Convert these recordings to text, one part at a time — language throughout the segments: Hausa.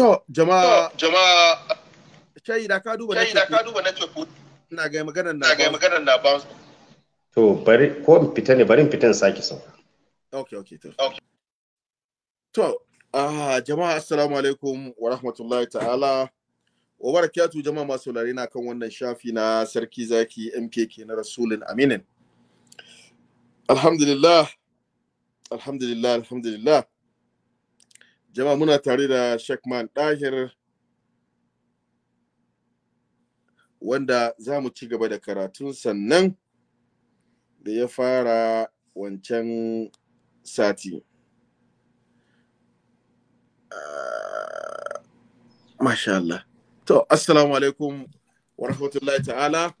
To, jama'a. jama'a. da ka duba na ce ka duba na Ina ga maganar na. Ina ga maganar na bounce. To, bari ko in fita ne, bari in fita in sake sauka. Okay, okay, to. Okay. To, ah, jama'a assalamu alaikum wa rahmatullahi ta'ala. Wa barakatu jama'a masu saurare na kan wannan shafi na Sarki Zaki MKK na Rasulun Aminin. Alhamdulillah. Alhamdulillah, alhamdulillah. jama'a muna tare da shekman ɗahir wanda za mu ci gaba da karatun sannan da ya fara wancan sati ah, Masha Allah. To, Assalamu alaikum wa rahmatullahi ta'ala.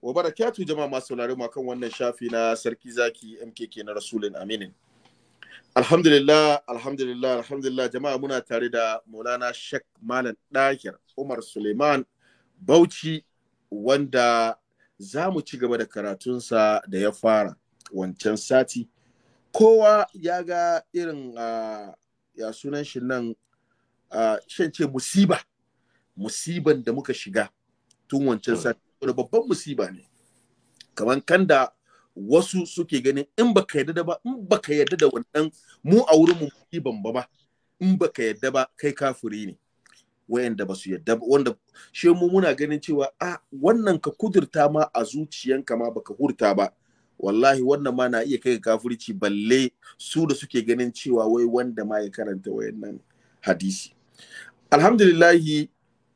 Wa barakatu jama'a masu saurari kan wannan shafi na Sarki Zaki MKK na Rasulun Aminin. Alhamdulillah, alhamdulillah, alhamdulillah jama'a muna tare da Maulana Sheikh Malam Dakir Umar Suleiman Bauchi wanda za mu ci gaba da karatunsa da ya fara wancan sati. Kowa ya ga irin ya sunan shi nan shan ce musiba, musiban da muka shiga tun wancan hmm. sati. Wani babban musiba ne, kamar kanda wasu suke ganin in baka yarda da ba in baka yarda da wannan mu a wurin mu yi bamba ba in baka yarda ba kai kafiri ne wayanda ba su yarda ba wanda she mu muna ganin cewa a wannan ka kudurta ma a zuciyanka ma baka hurta ba wallahi wannan ma na iya kai kafirci balle su da suke ganin cewa wai wanda ma ya karanta wayannan hadisi alhamdulillahi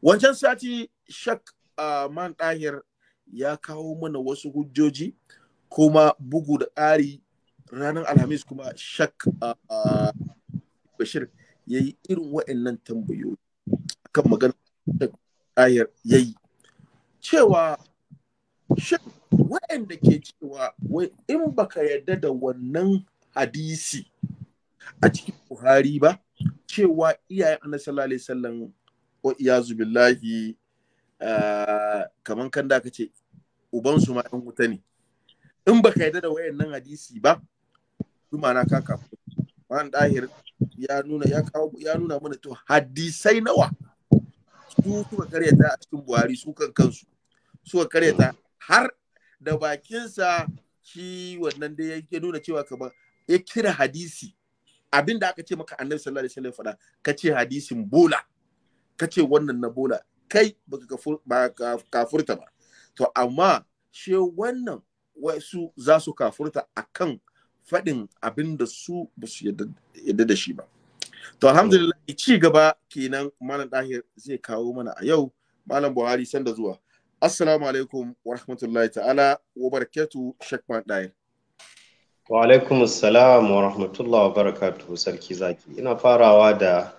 wancan sati shak uh, ah, man dahir ya kawo mana wasu hujjoji kuma bugu da ƙari ranar alhamis kuma shak bashir ya yi irin wa'annan tambayoyi kan magana ayar ya yi cewa wa'in wa'anda ke cewa wai in baka yarda da wannan hadisi a cikin buhari ba cewa iyayen annabi sallallahu alaihi wasallam wa iyazu billahi kaman kan da ce ubansu ma ɗan wuta ne in baka yarda da wayannan hadisi ba na ka kafu. wannan dahir ya nuna ya kawo ya nuna mana to hadisai nawa su suka karyata a cikin Buhari su kan kansu suka karyata har da bakinsa shi wannan da ya nuna cewa kamar ya kira hadisi abin da aka ce maka annabi sallallahu alaihi wasallam faɗa ka ce hadisin bola ka ce wannan na bola kai baka kafurta ba to amma she wannan wasu za su kafurta a kan faɗin abin da su ba su yadda da shi ba to alhamdulillah ci gaba kenan malam ɗahir zai kawo mana a yau malam buhari sanda zuwa assalamu alaikum wa rahmatullahi ta'ala wa barakatu shakman ɗahir. wa alaikum assalam wa rahmatullahi wa barakatu sarki zaki ina farawa da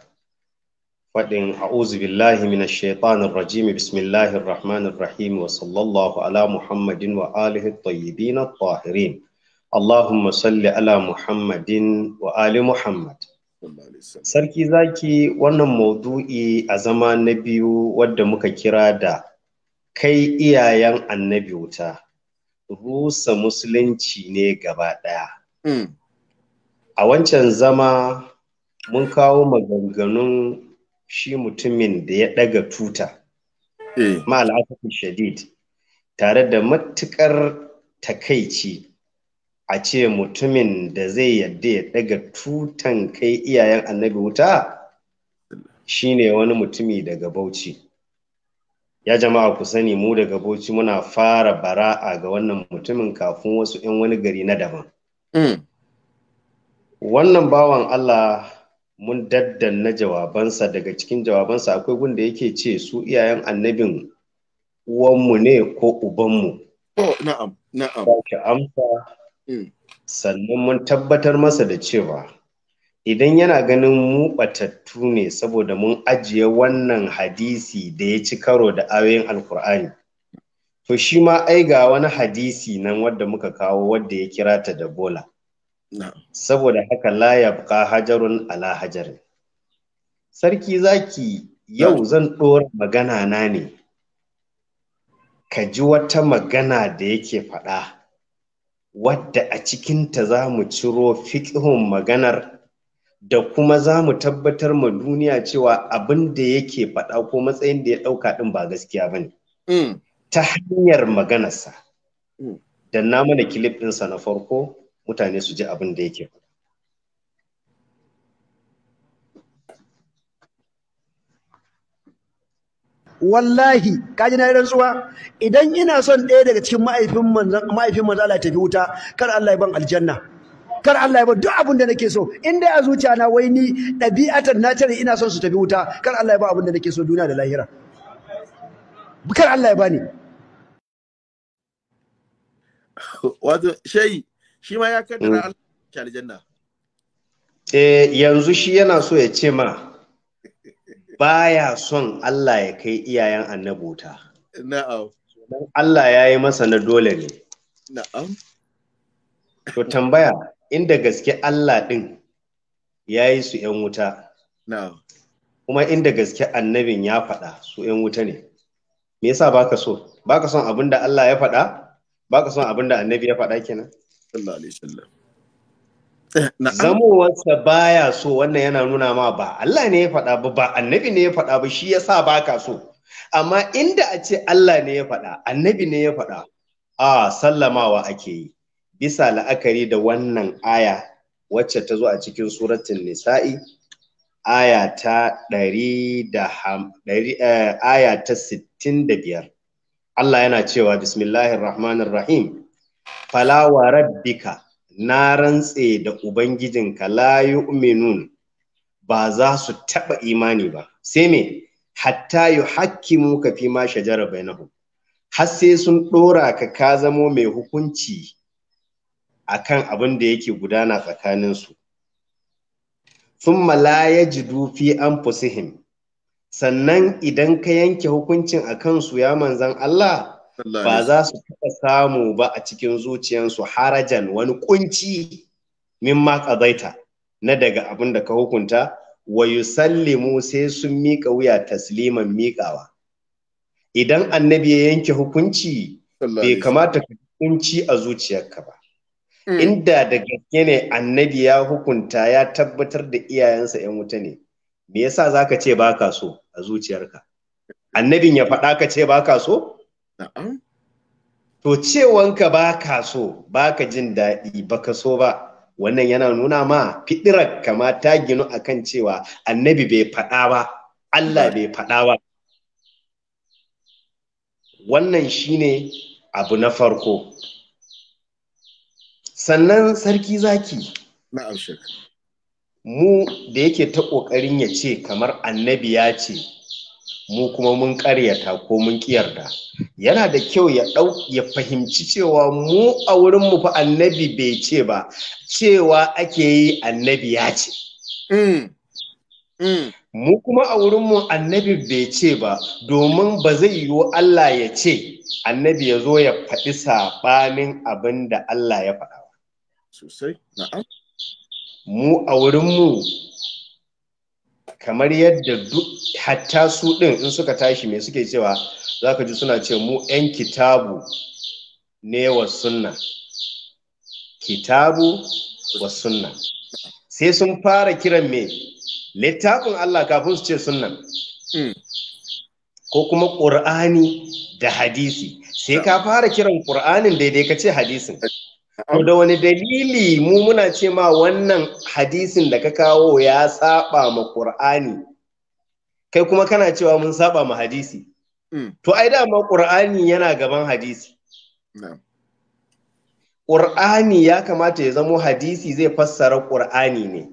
faɗin a'uzubillahi billahi minash shaitanir rajim bismillahir rahmanir rahim wa sallallahu ala muhammadin wa alihi tayyibin at-tahirin allahumma salli ala muhammadin wa ali muhammad sarki zaki wannan maudu'i a zama na biyu wadda muka kira da kai iyayen annabi wuta rusa musulunci ne gaba ɗaya mm. a wancan zama mun kawo maganganun shi mutumin da ya ɗaga tuta eh. ma'al'afin shadid tare da matukar takaici a ce mutumin da zai yadda ya ɗaga tutan kai iyayen annabi wuta Shi ne wani mutumi daga bauchi ya jama'a ku sani mu daga bauchi muna fara bara'a ga wannan mutumin kafin wasu 'yan wani gari na daban mm. wannan bawan allah mun daddanna jawabansa daga cikin jawabansa akwai wanda yake ce su iyayen annabin uwanmu ne ko ubanmu. na'am, na'am. Ba amsa, mm. sannan mun tabbatar masa da cewa idan yana ganin mu batattu ne saboda mun ajiye wannan hadisi da ya ci karo da ayoyin alkur'ani. To shi ma ai ga wani hadisi nan wadda muka kawo wadda ya kira ta da bola. saboda haka la yabqa hajarun ala hajar sarki zaki yau zan ɗora magana na ne ka ji wata magana da yake faɗa wadda a cikinta za mu ciro fiƙihun maganar da kuma za mu tabbatar ma duniya cewa abin da yake faɗa ko matsayin da ya ɗauka ɗin ba gaskiya ba ne mm. ta hanyar maganarsa mm. da na mana kilif ɗinsa na farko mutane su ji abin da yake faɗa wallahi kaji na yi rantsuwa idan ina son ɗaya daga cikin ma'aifin manzan, ma'aifin manzan Allah ya tafi wuta kar Allah ya ban aljanna kar Allah ya ban duk abin da nake so in dai a zuciya na wai ni ɗabi'atar na tare ina son su tafi wuta kar Allah ya ba abin da nake so duniya da lahira kar Allah ya bani wato shayi shi ma ya kaddara mm. Allah ya aljanna eh yanzu shi yana so ya ce ma baya son Allah ya kai iyayen annabota na'am Allah ya yi masa na dole ne na'am to tambaya inda gaske Allah din ya yi su 'yan wuta na'am kuma inda gaske annabin ya faɗa su 'yan wuta ne me yasa baka so baka son abin da Allah ya faɗa baka son abin da annabi ya faɗa kenan sallallahu alaihi wasallam zamowarsa baya so wannan yana nuna ma ba Allah ne ya faɗa ba ba annabi ne ya faɗa ba shi ya yasa baka so amma inda a ce Allah ne ya faɗa annabi ne ya faɗa a sallamawa ake yi bisa la'akari da wannan aya wacce ta zo a cikin suratun nisa'i aya ta ɗari da eh, aya ta sittin da biyar Allah yana cewa bismillahirrahmanirrahim Falawa, rabbika na rantse da ubangijinka la yu'minun ba za su taba imani ba sai me hatta yuhakkimu ka fi ma shajara nahu. har sai sun ɗora ka ka zamo mai hukunci akan abin da yake gudana tsakanin su thumma la yajidu fi anfusihim sannan idan ka yanke hukuncin akan su ya manzan Allah ba za su taɓa samu ba a cikin zuciyansu harajan wani kunci min ma ƙazaita na daga abin da ka hukunta wa yusallimu sai sun miƙa wuya tasliman miƙawa idan annabi ya yanke hukunci bai kamata ka hukunci a zuciyarka ba mm. inda da gaske ne annabi ya hukunta ya tabbatar da iyayensa 'yan wuta ne me yasa zaka ce baka so a zuciyarka annabin ya faɗa ka ce baka so Na'am. To cewanka ba ka so, ba ka jin daɗi, ba ka so ba, wannan yana nuna ma fiɗirar kama ta ginu akan cewa annabi bai faɗa ba, Allah bai faɗa ba. Wannan shine abu na farko. Sannan sarki zaki. Na'am Mu da yake ta ƙoƙarin ya ce kamar annabi ya ce, mu kuma mun karyata ko mun ƙiyarta, yana da kyau ya dau ya fahimci cewa mu a wurin fa annabi bai ce ba cewa ake yi annabi ya ce mm, mm. mu kuma a wurin annabi bai ce ba domin ba zai yiwu Allah ya ce annabi ya zo ya faɗi saɓanin abin da Allah ya faɗa sosai na'am mu a wurin kamar yadda duk hatta su ɗin in suka tashi mai suke cewa za ka ji suna ce mu 'yan kitabu ne wa sunna kitabu wa sunna sai sun fara kiran me littafin Allah kafin su ce sunnan hmm. ko kuma ƙur'ani da hadisi sai ka fara kiran ƙur'anin daidai ka ce hadisin To da wani dalili mu muna ce ma wannan hadisin da ka kawo ya saba ma ƙur'ani? Kai kuma kana cewa mun saba ma hadisi. Mm. To ai dama ƙur'ani yana gaban hadisi. Ƙur'ani ya kamata ya zamo hadisi zai fassara ƙur'ani ne.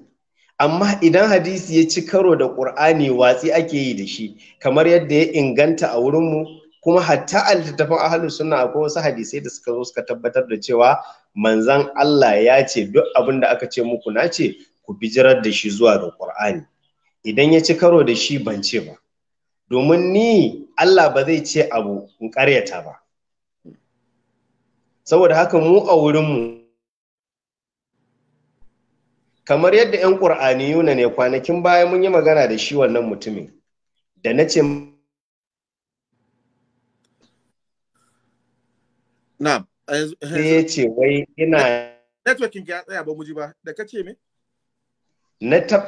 Amma idan hadisi ya ci karo da ƙur'ani watsi ake yi da shi, kamar yadda ya inganta a wurinmu, kuma hatta a littattafan ahalin sunna akwai wasu hadisai da suka zo suka tabbatar da cewa manzan Allah ya ce duk abin da aka ce muku na ce ku bijirar da shi zuwa ga Qur'ani idan ya ci karo da shi ban ce ba domin ni Allah ba zai ce abu in karyata ba saboda haka mu a wurinmu kamar yadda 'yan ƙur'aniyuna ne kwanakin baya mun yi magana da shi wannan mutumin da na ce na ya ce wai ina networking da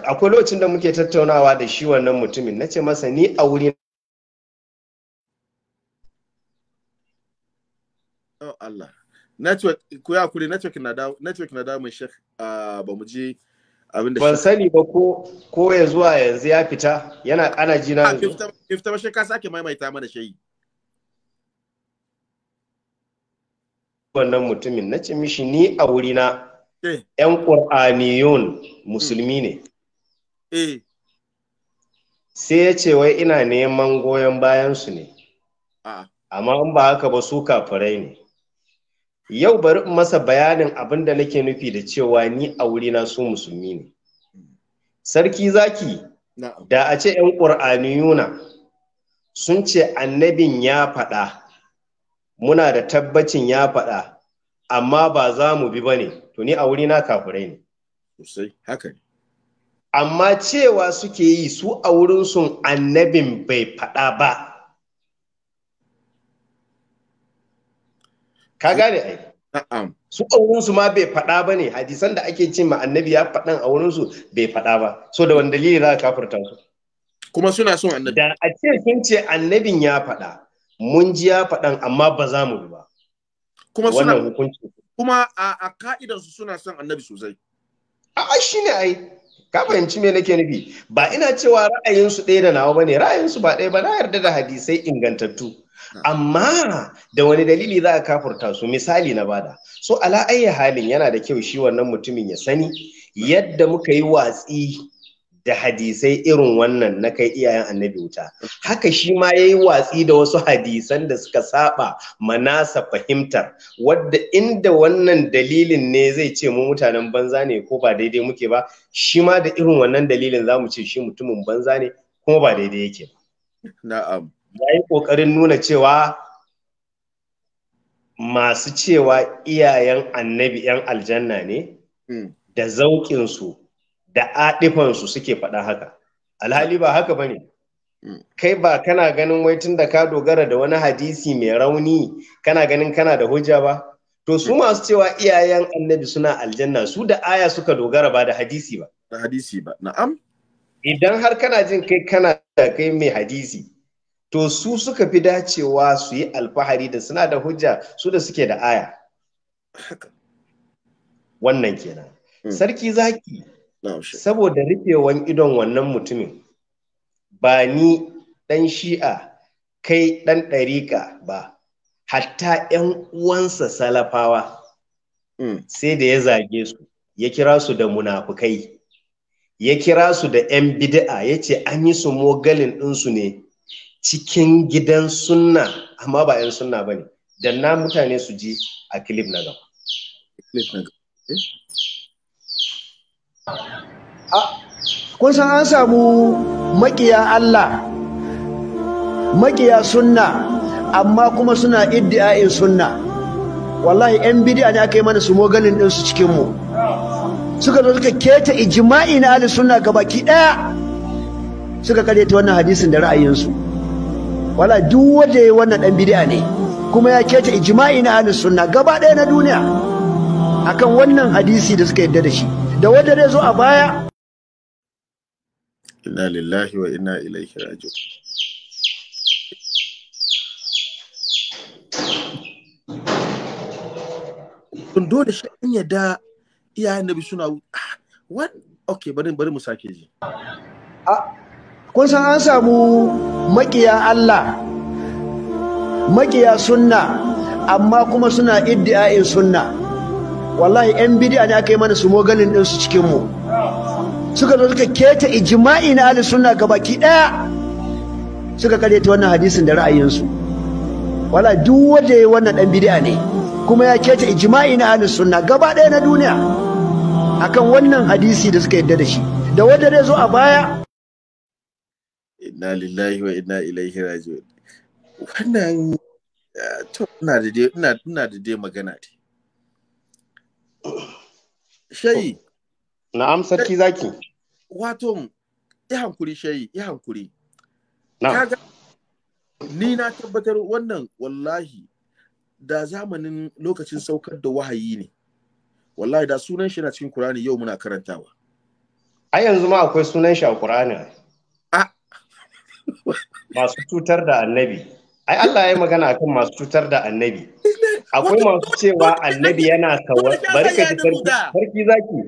akwai lokacin da muke tattaunawa da shi wannan mutumin na ce masa ni a wuri oh Allah ku ya kuri network na da shek ba mu abin da ban sani ba ko ko ya zuwa yanzu ya fita yana ana jina Ah fita ba ka sake maimaita mana shayi wannan mutumin na ce mishi ni a wurina ‘yan eh. ƙur'aniyun musulmi hmm. ne. Eh. Sai ya ce wai ina neman goyon bayansu ne, amma in ba haka ba su kafirai ne. Yau bari masa bayanin abin da nake nufi da cewa ni a wurina su musulmi ne. Hmm. Sarki zaki, da a ce ‘yan ƙur'aniyuna sun ce annabin ya faɗa. muna da tabbacin ya faɗa amma ba za mu bi ba ne to ni a wuri na kafirai ne sosai haka ne amma cewa suke yi su a wurin sun annabin bai faɗa ba ka gane ai su a wurinsu ma bai faɗa ba ne hadisan da ake ce annabi ya faɗan a wurinsu bai faɗa ba so da wani dalili za ka kafirta su kuma suna son annabi da a ce sun ce annabin ya faɗa mun ji ya faɗan amma ba za mu bi ba kuma suna kuma a, a ka'idar su suna son annabi sosai a a ne ai ka fahimci me nake nufi ba ina cewa ra'ayinsu ɗaya da nawa bane ne, ra'ayinsu ba ɗaya ba na yarda da hadisai ingantattu hmm. amma da wani dalili za a kafurta su misali na bada so ala ayyi halin yana da kyau shi wannan mutumin ya sani hmm. yadda muka yi watsi da hadisai irin wannan na kai iyayen annabi wuta haka shi ma ya yi watsi da wasu hadisan da suka saba manasa fahimtar wadda inda wannan dalilin ne zai ce mu mutanen banza ne ko ba daidai muke ba shi ma da irin wannan dalilin za mu ce shi mutumin banza ne kuma ba daidai yake ba na'am ya yi ƙoƙarin nuna cewa masu cewa iyayen annabi 'yan aljanna ne hmm. da zauƙinsu da adifansu suke faɗa haka alhali ba haka ba mm. kai ba kana ganin wai tun da ka dogara da wani hadisi mai rauni kana ganin kana da hujja ba to su mm. masu cewa iyayen annabi suna aljanna su da aya suka dogara ba da hadisi ba da hadisi ba na'am idan har kana jin kai kana da kai mai hadisi to su suka fi dacewa su yi alfahari da suna da hujja su da suke da aya wannan kenan mm. sarki zaki saboda rufewan idon wannan mutumin ba ni ɗan shi'a kai ɗan ɗariƙa ba hatta 'yan uwansa salafawa mm. sai da ya zage su ya kira su da munafukai ya kira su da 'yan bid'a ya ce an yi su mogalin ɗinsu ne cikin gidan sunna amma ba 'yan sunna ba ne da na mutane su ji a clip na gaba eh? kun san an samu maƙiya Allah makiya sunna amma kuma suna iddi'a'in sunna wallahi yan bid'a ne aka yi mana su mogalin din su cikin mu suka zo suka keta ijma'i na ahli sunna gabaki daya suka ta wannan hadisin da ra'ayinsu wallahi duk wanda yayi wannan dan bid'a ne kuma ya keta ijma'i na ahli sunna gaba daya na duniya akan wannan hadisi da suka yadda da shi da wanda zai zo a baya inna lillahi wa inna ilaihi raji'un kun dole shi an yadda iyayen nabi suna what okay bari bari mu sake ji kun san an samu makiya Allah makiya sunna amma kuma suna iddia'in sunna wallahi yan bidiya ne aka yi mana su mogalin ɗinsu su suka zo suka keta ijma'i na ahli sunna gabaki ɗaya, suka karyata wannan hadisin da ra'ayinsu wala duk wanda wannan ɗan bidiya ne kuma ya keta ijma'i na ahli sunna gaba ɗaya na duniya akan wannan hadisi da suka yadda da shi da wanda zai zo a baya inna lillahi wa inna ilaihi raji'un wannan eh, to ina da dai magana dai shayi oh. na'am sarki zaki wato ya hankuri shayi ya hankuri kaga ni na tabbatar wannan wallahi da zamanin lokacin saukar da wahayi ne wallahi da sunan shi na cikin Kur'ani yau muna karantawa a yanzu ma akwai sunan shi a Kur'ani ah. masu cutar da annabi ai Allah ya magana akan masu cutar da annabi akwai masu cewa annabi yana kawar bari ka sarki zaki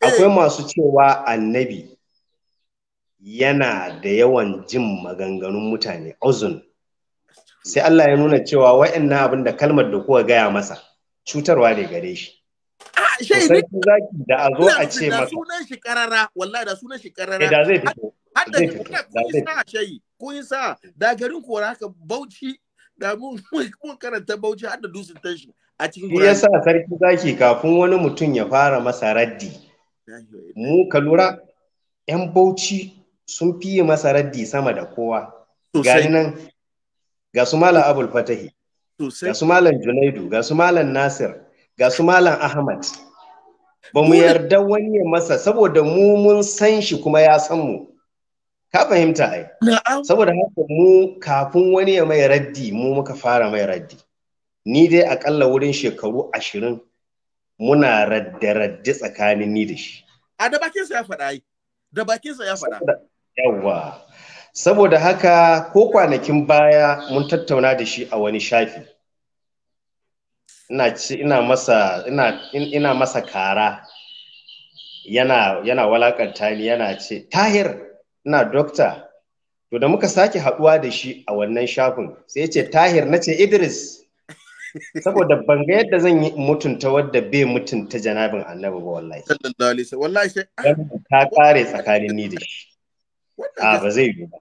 akwai eh. masu cewa annabi yana da yawan jin maganganun mutane uzun sai Allah ya nuna cewa wa'annan abin da kalmar da kuka gaya masa cutarwa ne gare shi ah, sarki zaki da a zo a ce masa sunan shi karara wallahi da sunan shi karara eh, da zai fito da zai fito kun sa da garin kora haka bauchi da mun karanta bauchi har da dusin tashi a cikin gurare. yasa sarki zaki kafin wani mutum ya fara masa raddi. Mu ka lura ‘yan bauchi sun fiye masa raddi sama da kowa. ga nan ga su Malam Abul Fatahi, ga su Malam Junaidu, ga su Malam Nasir, ga su Malam Ahmad. Ba mu yarda wani ya masa saboda mu mun san shi kuma ya san mu. ka fahimta ai saboda haka mu kafin wani ya mai raddi mu muka fara mai raddi ni dai akalla wurin shekaru ashirin muna radde-radde tsakanin ni da shi a da bakinsa ya faɗa ai da bakinsa ya faɗa yawa saboda haka ko kwanakin baya mun tattauna da shi a wani shafi ina ci ina masa ina ina masa kara yana yana walakanta ni yana ce tahir ina dokta to da muka sake haɗuwa da shi a wannan shafin sai ce tahir na ce idris saboda ban ga yadda zan yi mutunta wadda bai mutunta janabin annabi ba wallahi ta kare tsakanin ni da shi a ba zai yi ba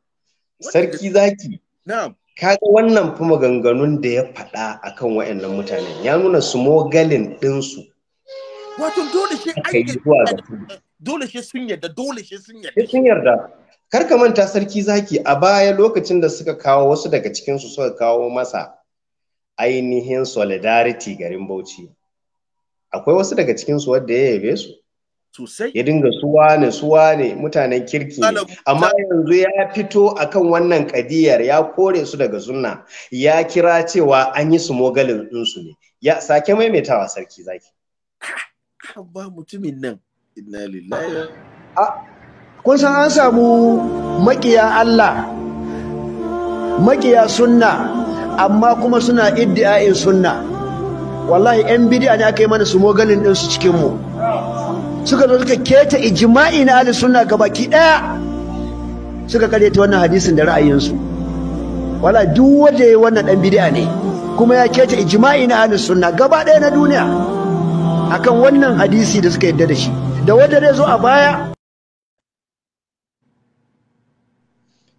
sarki zaki na'am kaga wannan fi maganganun da ya faɗa akan nan mutane, ya nuna su mogalin ɗinsu wato dole shi dole shi sun yarda dole shi sun yarda kar ka manta sarki zaki a baya lokacin da suka kawo wasu daga cikinsu suka kawo masa ainihin solidarity garin bauchi akwai wasu daga cikinsu wadda ya yabe su ya dinga suwa ne suwa ne mutanen kirki amma yanzu ya fito akan wannan kadiyar ya kore su daga zunna, ya kira cewa an yi su mogalin ɗinsu ne ya sake maimaitawa sarki zaki ba mutumin nan inna lillahi kun san an samu makiya Allah makiya sunna amma kuma suna iddi'a'in sunna wallahi yan bid'a ne aka yi mana su mogalin din su cikin mu suka zo suka keta ijma'i na ahli sunna gabaki daya suka ta wannan hadisin da ra'ayinsu wala duk wanda wannan dan bid'a ne kuma ya keta ijma'i na ahli sunna gaba ɗaya na duniya akan wannan hadisi da suka yadda da shi da wanda zai zo a baya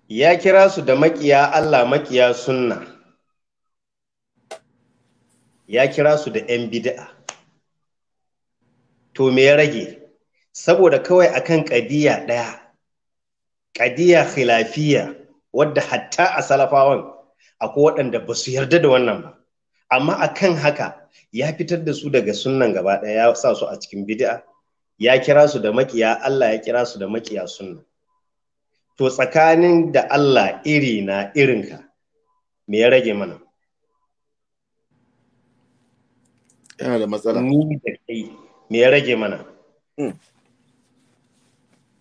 ya kira su da makiya Allah makiya sunna ya kira su da 'yan bid'a to me ya rage saboda kawai akan ƙadiyya ɗaya ƙadiyya khilafiya wadda hatta a salafawan akwai waɗanda ba su yarda da wannan ba amma akan haka ya fitar da su daga sunnan gaba ɗaya ya sa su a cikin bid'a ya kira su da makiya Allah ya kira su da makiya sunna to tsakanin da Allah iri na irinka me ya rage mana yana da matsala ni da kai me ya rage mana hmm.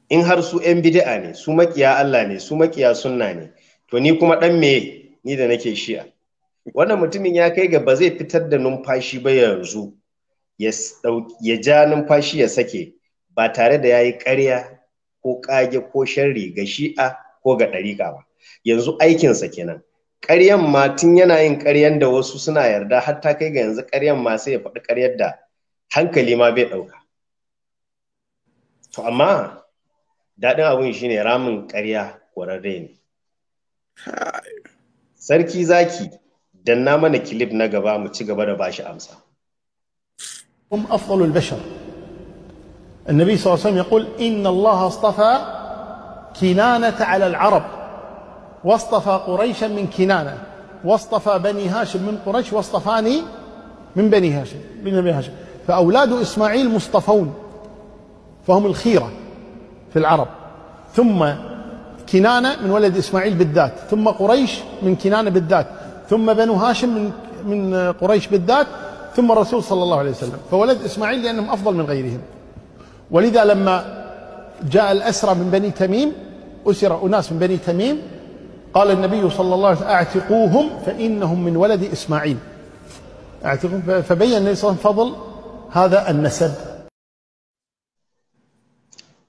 in har su 'yan bid'a ne su makiya Allah ne su makiya sunna ne to ni kuma dan me ni da nake shi'a wannan mutumin ya kai ga ba zai fitar da numfashi ba yanzu ya ja numfashi ya sake ba tare da ya yi ƙarya ko kage ko sharri ga shi'a ko ga ɗariƙa ba yanzu aikinsa kenan ƙaryan ma tun yana yin ƙaryan da wasu suna yarda har ta kai ga yanzu ƙaryan ma sai ya faɗi ƙaryar da hankali ma bai ɗauka to amma daɗin abin shine ramin ƙarya ƙwararre ne sarki zaki danna mana kilif na gaba mu ci gaba da bashi amsa النبي صلى الله عليه وسلم يقول إن الله اصطفى كنانة على العرب واصطفى قريشا من كنانة واصطفى بني هاشم من قريش واصطفاني من بني هاشم من بني هاشم فأولاد إسماعيل مصطفون فهم الخيرة في العرب ثم كنانة من ولد إسماعيل بالذات ثم قريش من كنانة بالذات ثم بنو هاشم من من قريش بالذات ثم الرسول صلى الله عليه وسلم فولد إسماعيل لأنهم أفضل من غيرهم ولذا لما جاء الأسرى من بني تميم أسر أناس من بني تميم قال النبي صلى الله عليه وسلم اعتقوهم فإنهم من ولد إسماعيل اعتقوهم فبين النبي صلى الله عليه وسلم فضل هذا النسب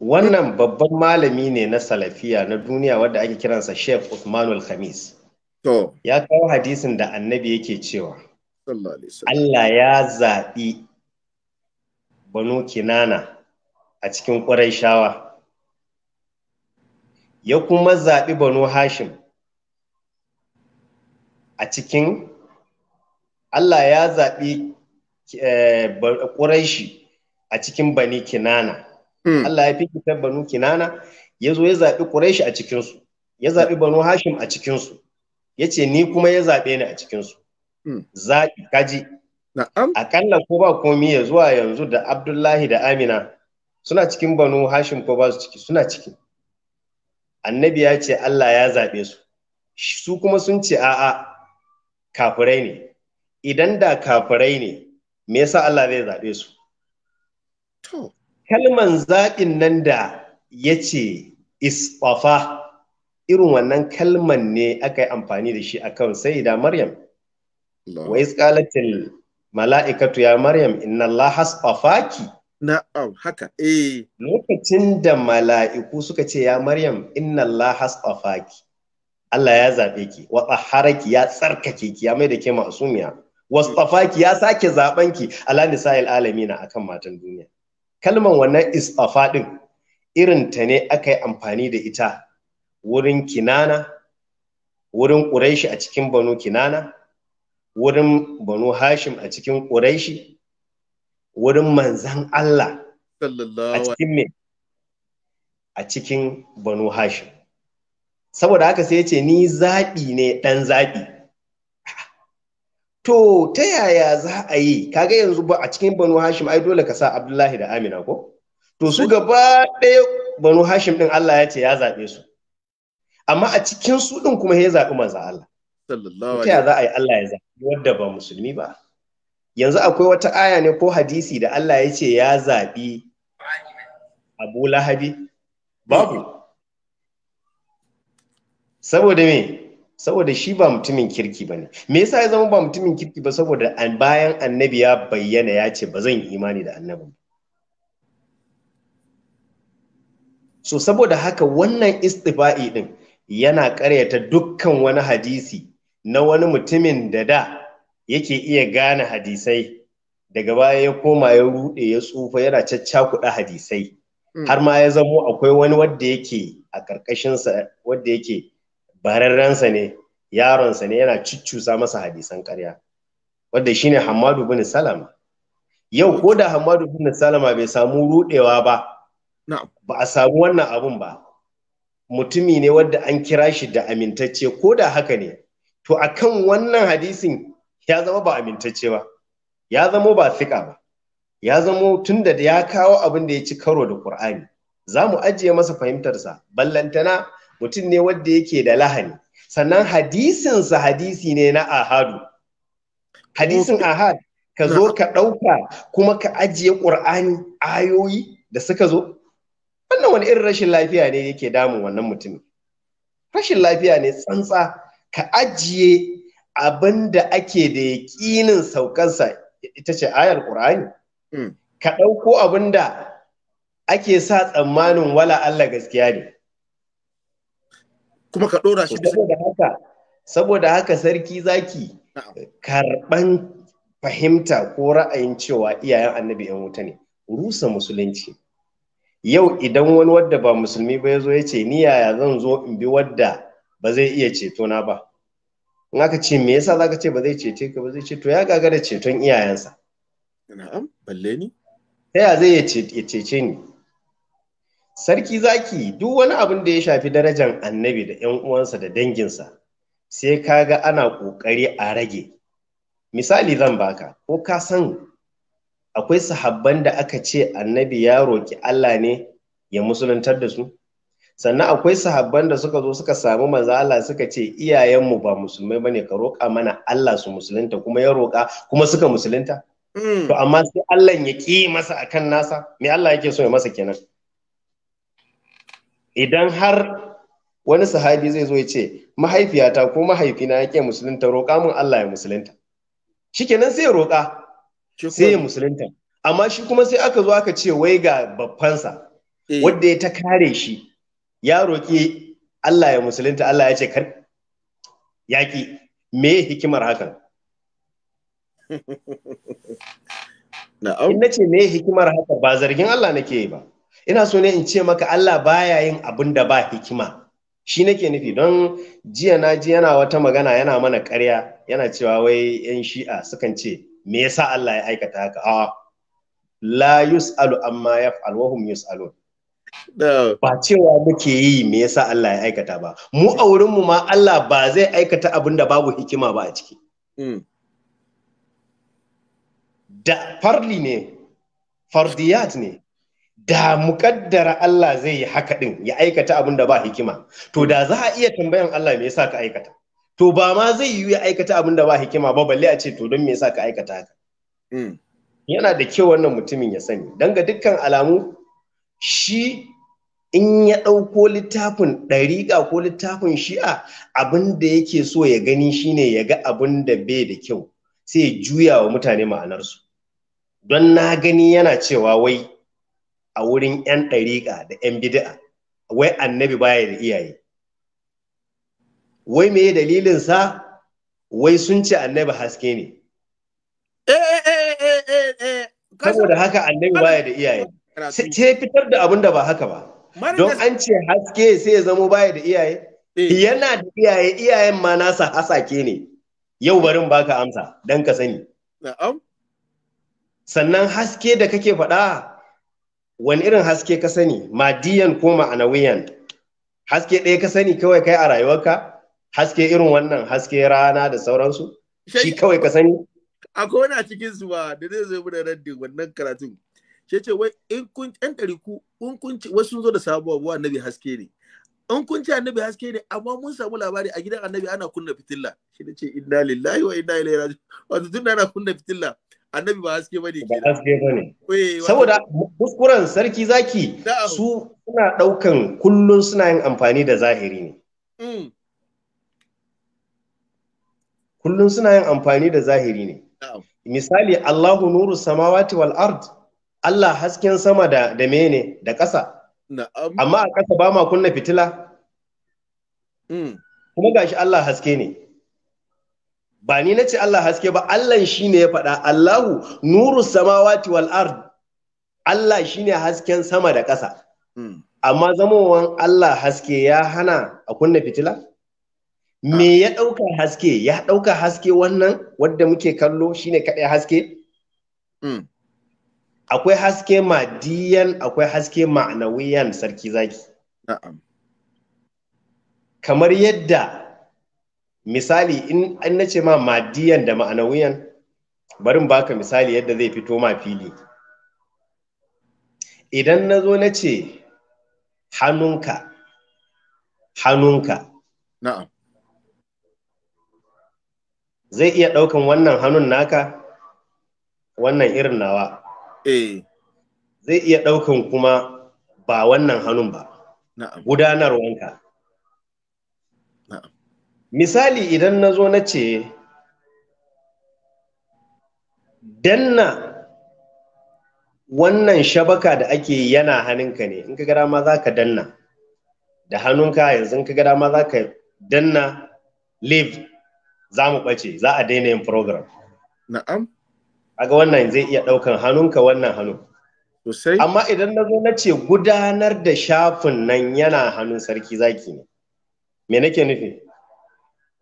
wannan babban malami ne na salafiya na duniya wadda ake kiransa Sheikh Usman al-Khamis. To. Ya kawo hadisin da annabi yake cewa. Allah ya zaɓi Banu Kinana a cikin ƙuraishawa ya kuma zaɓi banu hashim a cikin Allah ya zaɓi ƙuraishi eh, a cikin bani kinana hmm. Allah ya fi kitar banu kinana ya zo ya zaɓi ƙuraishi a cikinsu ya zaɓi banu hashim a cikinsu ya ce ni kuma ya zaɓe ni a cikinsu hmm. zaɓi kaji aƙalla ko ba komi ya zuwa yanzu da abdullahi da amina suna cikin banu hashim ko ba su ciki suna ciki annabi ya ce Allah ya zaɓe su su kuma sun ce a'a kafirai ne idan da kafirai ne me yasa Allah zai zaɓe su kalman zaɓin nan da ya ce isfafa irin wannan kalman ne aka yi amfani da shi akan sai da maryam wa isqalatil mala'ikatu ya maryam inna Allah hasfafaki Na'am, haka, eh. Lokacin da mala'iku suka ce, ya Maryam, inna Allah hasafaki, Allah ya zaɓe ki, wa tsaharaki ya tsarkake ki, ya mai da ke masumiya. Wasafaki ya sake zaben ki, ala nisa'il alamina akan matan duniya. Kalman wannan istafa ɗin, irin ta ne aka yi amfani da ita wurin kinana, wurin ƙuraishi a cikin banu kinana, wurin banu hashim a cikin ƙuraishi, wurin manzan Allah a cikin me a cikin banu hashim saboda haka sai ya ce ni zaɓi ne ɗan zaɓi to ta yaya za a yi kaga yanzu ba a cikin banu hashim ai dole ka sa abdullahi da amina ko to su gaba ɗaya banu hashim ɗin allah ya ce ya zaɓe su amma a cikin su ɗin kuma ya zaɓi manzan allah ta yaya za a yi allah ya zaɓi wadda ba musulmi ba yanzu akwai wata aya ne ko hadisi da Allah ya ce ya zaɓi abu lahabi babu saboda me saboda shi ba mutumin kirki ba ne me yasa ya zama ba mutumin kirki ba saboda bayan annabi ya bayyana ya ce ba zan yi imani da annabin so saboda haka wannan istifa'i din yana ƙaryata dukkan wani hadisi na wani mutumin da da yake iya gane hadisai daga baya ya koma ya rude ya tsufa yana caccakuɗa hadisai hmm. har ma ya zamo akwai wani wadda yake a ƙarƙashinsa wadda yake bararrensa ne yaronsa ne yana cuccusa masa hadisan ƙarya wadda shine Hamadu bin Salama yau ko da Hamadu bin Salama bai samu rudewa ba ba a samu wannan abun ba mutumi ne wadda an kira shi da amintacce ko da haka ne to akan wannan hadisin ya zama ba amintacce ba ya zama ba fiƙa ba ya zama tun da ya kawo abin da ya ci karo da ƙur'ani, za mu ajiye masa fahimtarsa ballantana mutum ne wanda yake da lahani sannan hadisinsa hadisi ne na ahadu hadisin ahad ka zo ka ɗauka kuma ka ajiye ƙur'ani ayoyi da suka zo wannan wani irin rashin lafiya ne yake damun wannan mutumin rashin lafiya ne tsantsa ka ajiye abin da ake da yaƙinin saukansa ita ce ayar ƙur'ani hmm. ka ɗauko abin da ake sa tsammanin wala Allah gaskiya ne kuma ka ɗora shi saboda haka saboda haka sarki zaki karɓan fahimta ko ra'ayin cewa iyayen annabi yan wuta ne rusa musulunci yau idan wani wadda ba musulmi ba ya zo ya ce ni yaya zan zo in bi wadda ba zai iya ceto na ba in aka ce me yasa zaka ce ba zai cece ka ba zai ce to ya gagara ceton iyayensa na'am balle ni ta ya zai ya cece ni sarki zaki duk wani abin da ya shafi darajan annabi da yan uwansa da danginsa sai kaga ana kokari a rage misali zan baka ko ka san akwai sahabban da aka ce annabi ya roki Allah ne ya musuluntar da su sannan akwai sahabban da suka zo suka samu manzo suka ce iyayenmu ba musulmai bane ka roƙa mana Allah su musulunta kuma ya roƙa kuma suka musulunta hmm. to amma sai Allah ya ƙi masa akan nasa me Allah yake so ya masa kenan idan har wani sahabi zai zo ya ce mahaifiyata ko mahaifina yake musulunta roƙa mun Allah ya musulunta shikenan sai ya roƙa sai ya musulunta amma shi kuma sai aka zo aka ce wai ga sa eh. wanda ya ta kare shi ya roƙi Allah ya musulunta Allah ya ce kar yaƙi me hikimar hakan in na ce me hikimar haka ba zargin Allah nake yi ba ina so ne in ce maka Allah baya yin abin da ba hikima shi nake nufi don jiya na ji yana wata magana yana mana ƙarya yana cewa wai yan shi'a sukan ce me yasa Allah ya aikata haka a la yus'alu amma yaf'al wa hum yus'alun Ba cewa muke yi me yasa Allah ya aikata ba. Mu a wurinmu ma Allah ba zai aikata abin babu hikima ba a ciki. Hmm. Da farli ne, fardiyat ne, da mukaddara Allah zai yi haka ɗin ya aikata abin ba hikima. To da za a iya tambayan Allah me yasa ka aikata. To ba ma zai yi ya aikata abin da ba hikima ba balle a ce to don me yasa ka aikata haka. Hmm. Yana da kyau wannan mutumin ya sani. Don ga dukkan alamu shi in ya ɗauko littafin ɗariƙa ko littafin shi'a abin da yake so ya gani shine ya ga abin da bai da kyau sai ya juya wa mutane ma'anarsu don na gani yana cewa wai a wurin 'yan ɗariƙa da 'yan bida'a wai annabi baya da iyaye wai me dalilinsa wai sun ce annabi haske ne saboda haka annabi baya da iyaye sai fitar da abin da ba haka ba don an ce haske sai ya zamo baya da iyaye eh. yana da iyaye iyayen ma nasa hasake ne yau barin baka amsa don ka sani sannan haske da kake faɗa wani irin haske ka sani madiyan ko ma'anawiyan haske ɗaya ka sani kawai kai a rayuwarka haske irin wannan haske rana da sauransu shi kawai ka sani akwai wani a cikin su ba da zai zo mana raddi wannan karatun sai ce wai in kun ɗan ɗari ku in kun ci wasu sun zo da sabuwa na annabi haske ne in kun ci annabi haske ne amma mun samu labari a gidan annabi ana kunna fitilla shi ne ce inna lillahi wa inna ilaihi raji wato tunda ana kunna fitilla annabi ba haske bane ba haske bane saboda kuskuren sarki zaki su suna daukan kullun suna yin amfani da zahiri ne mm. kullun suna yin amfani da zahiri ne misali Allahu nuru samawati wal ard Allah hasken sama da da mene da ƙasa amma a ƙasa ba ma kunna fitila mm. kuma gashi Allah haske ne ba ni nace Allah haske ba Allah shine ya faɗa Allahu nuru samawati wal ard Allah shine hasken sama da ƙasa mm. amma zamowan Allah haske ya hana a kunna fitila me ah. ya ɗauka haske ya ɗauka haske wannan wadda muke kallo shine kaɗai haske mm. akwai haske madiyan akwai haske ma'anawiyan sarki zaki kamar yadda misali in an nace ma madiyan da ma'anawiyan barin baka misali yadda zai fito ma fili idan na zo na ce hannunka hannunka na'am zai iya ɗaukan wannan hannun naka wannan irin nawa Eh. zai iya ɗaukan kuma ba wannan hannun ba gudanarwanka misali idan na zo na ce danna wannan shabaka da ake yana hannunka ne in ka gada ma za ka danna da hannunka yanzu in ka gada ma za ka danna live za mu ɓace za a daina yin program na'am aga wannan zai iya ɗaukan hannunka wannan hannu. amma idan na zo na ce gudanar da shafin nan yana hannun sarki zaki ne me nake nufi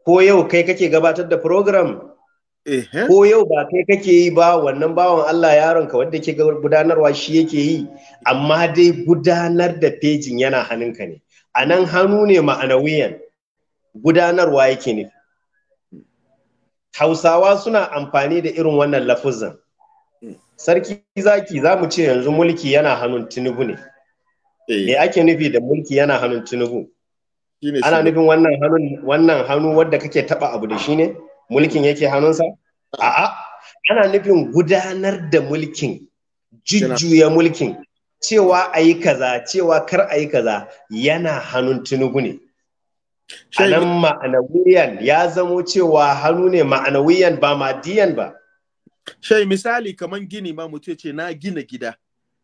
ko yau kai kake gabatar da program ko yau ba kai kake yi ba wannan bawan Allah yaron ka wanda ke gudanarwa shi yake yi amma dai gudanar da fejin yana hannunka ne a nan hannu ne ma'anawiyan gudanarwa yake nufi hausawa suna amfani da irin wannan lafuzin sarki zaki za mu ce yanzu mulki yana hannun tinubu ne eh. me ake nufi da mulki yana hannun tinubu ana nufin wannan hannu wannan hannu wadda kake taba abu da shi ne mulkin yake hannunsa a'a ana nufin gudanar da mulkin jujjuya mulkin cewa a yi kaza cewa kar a yi kaza yana hannun tinubu ne anan ma'anawiyan ya zamo cewa hannu ne ma'anawiyan ba madiyan ba shai misali kamar gini ma mutum ce na gina gida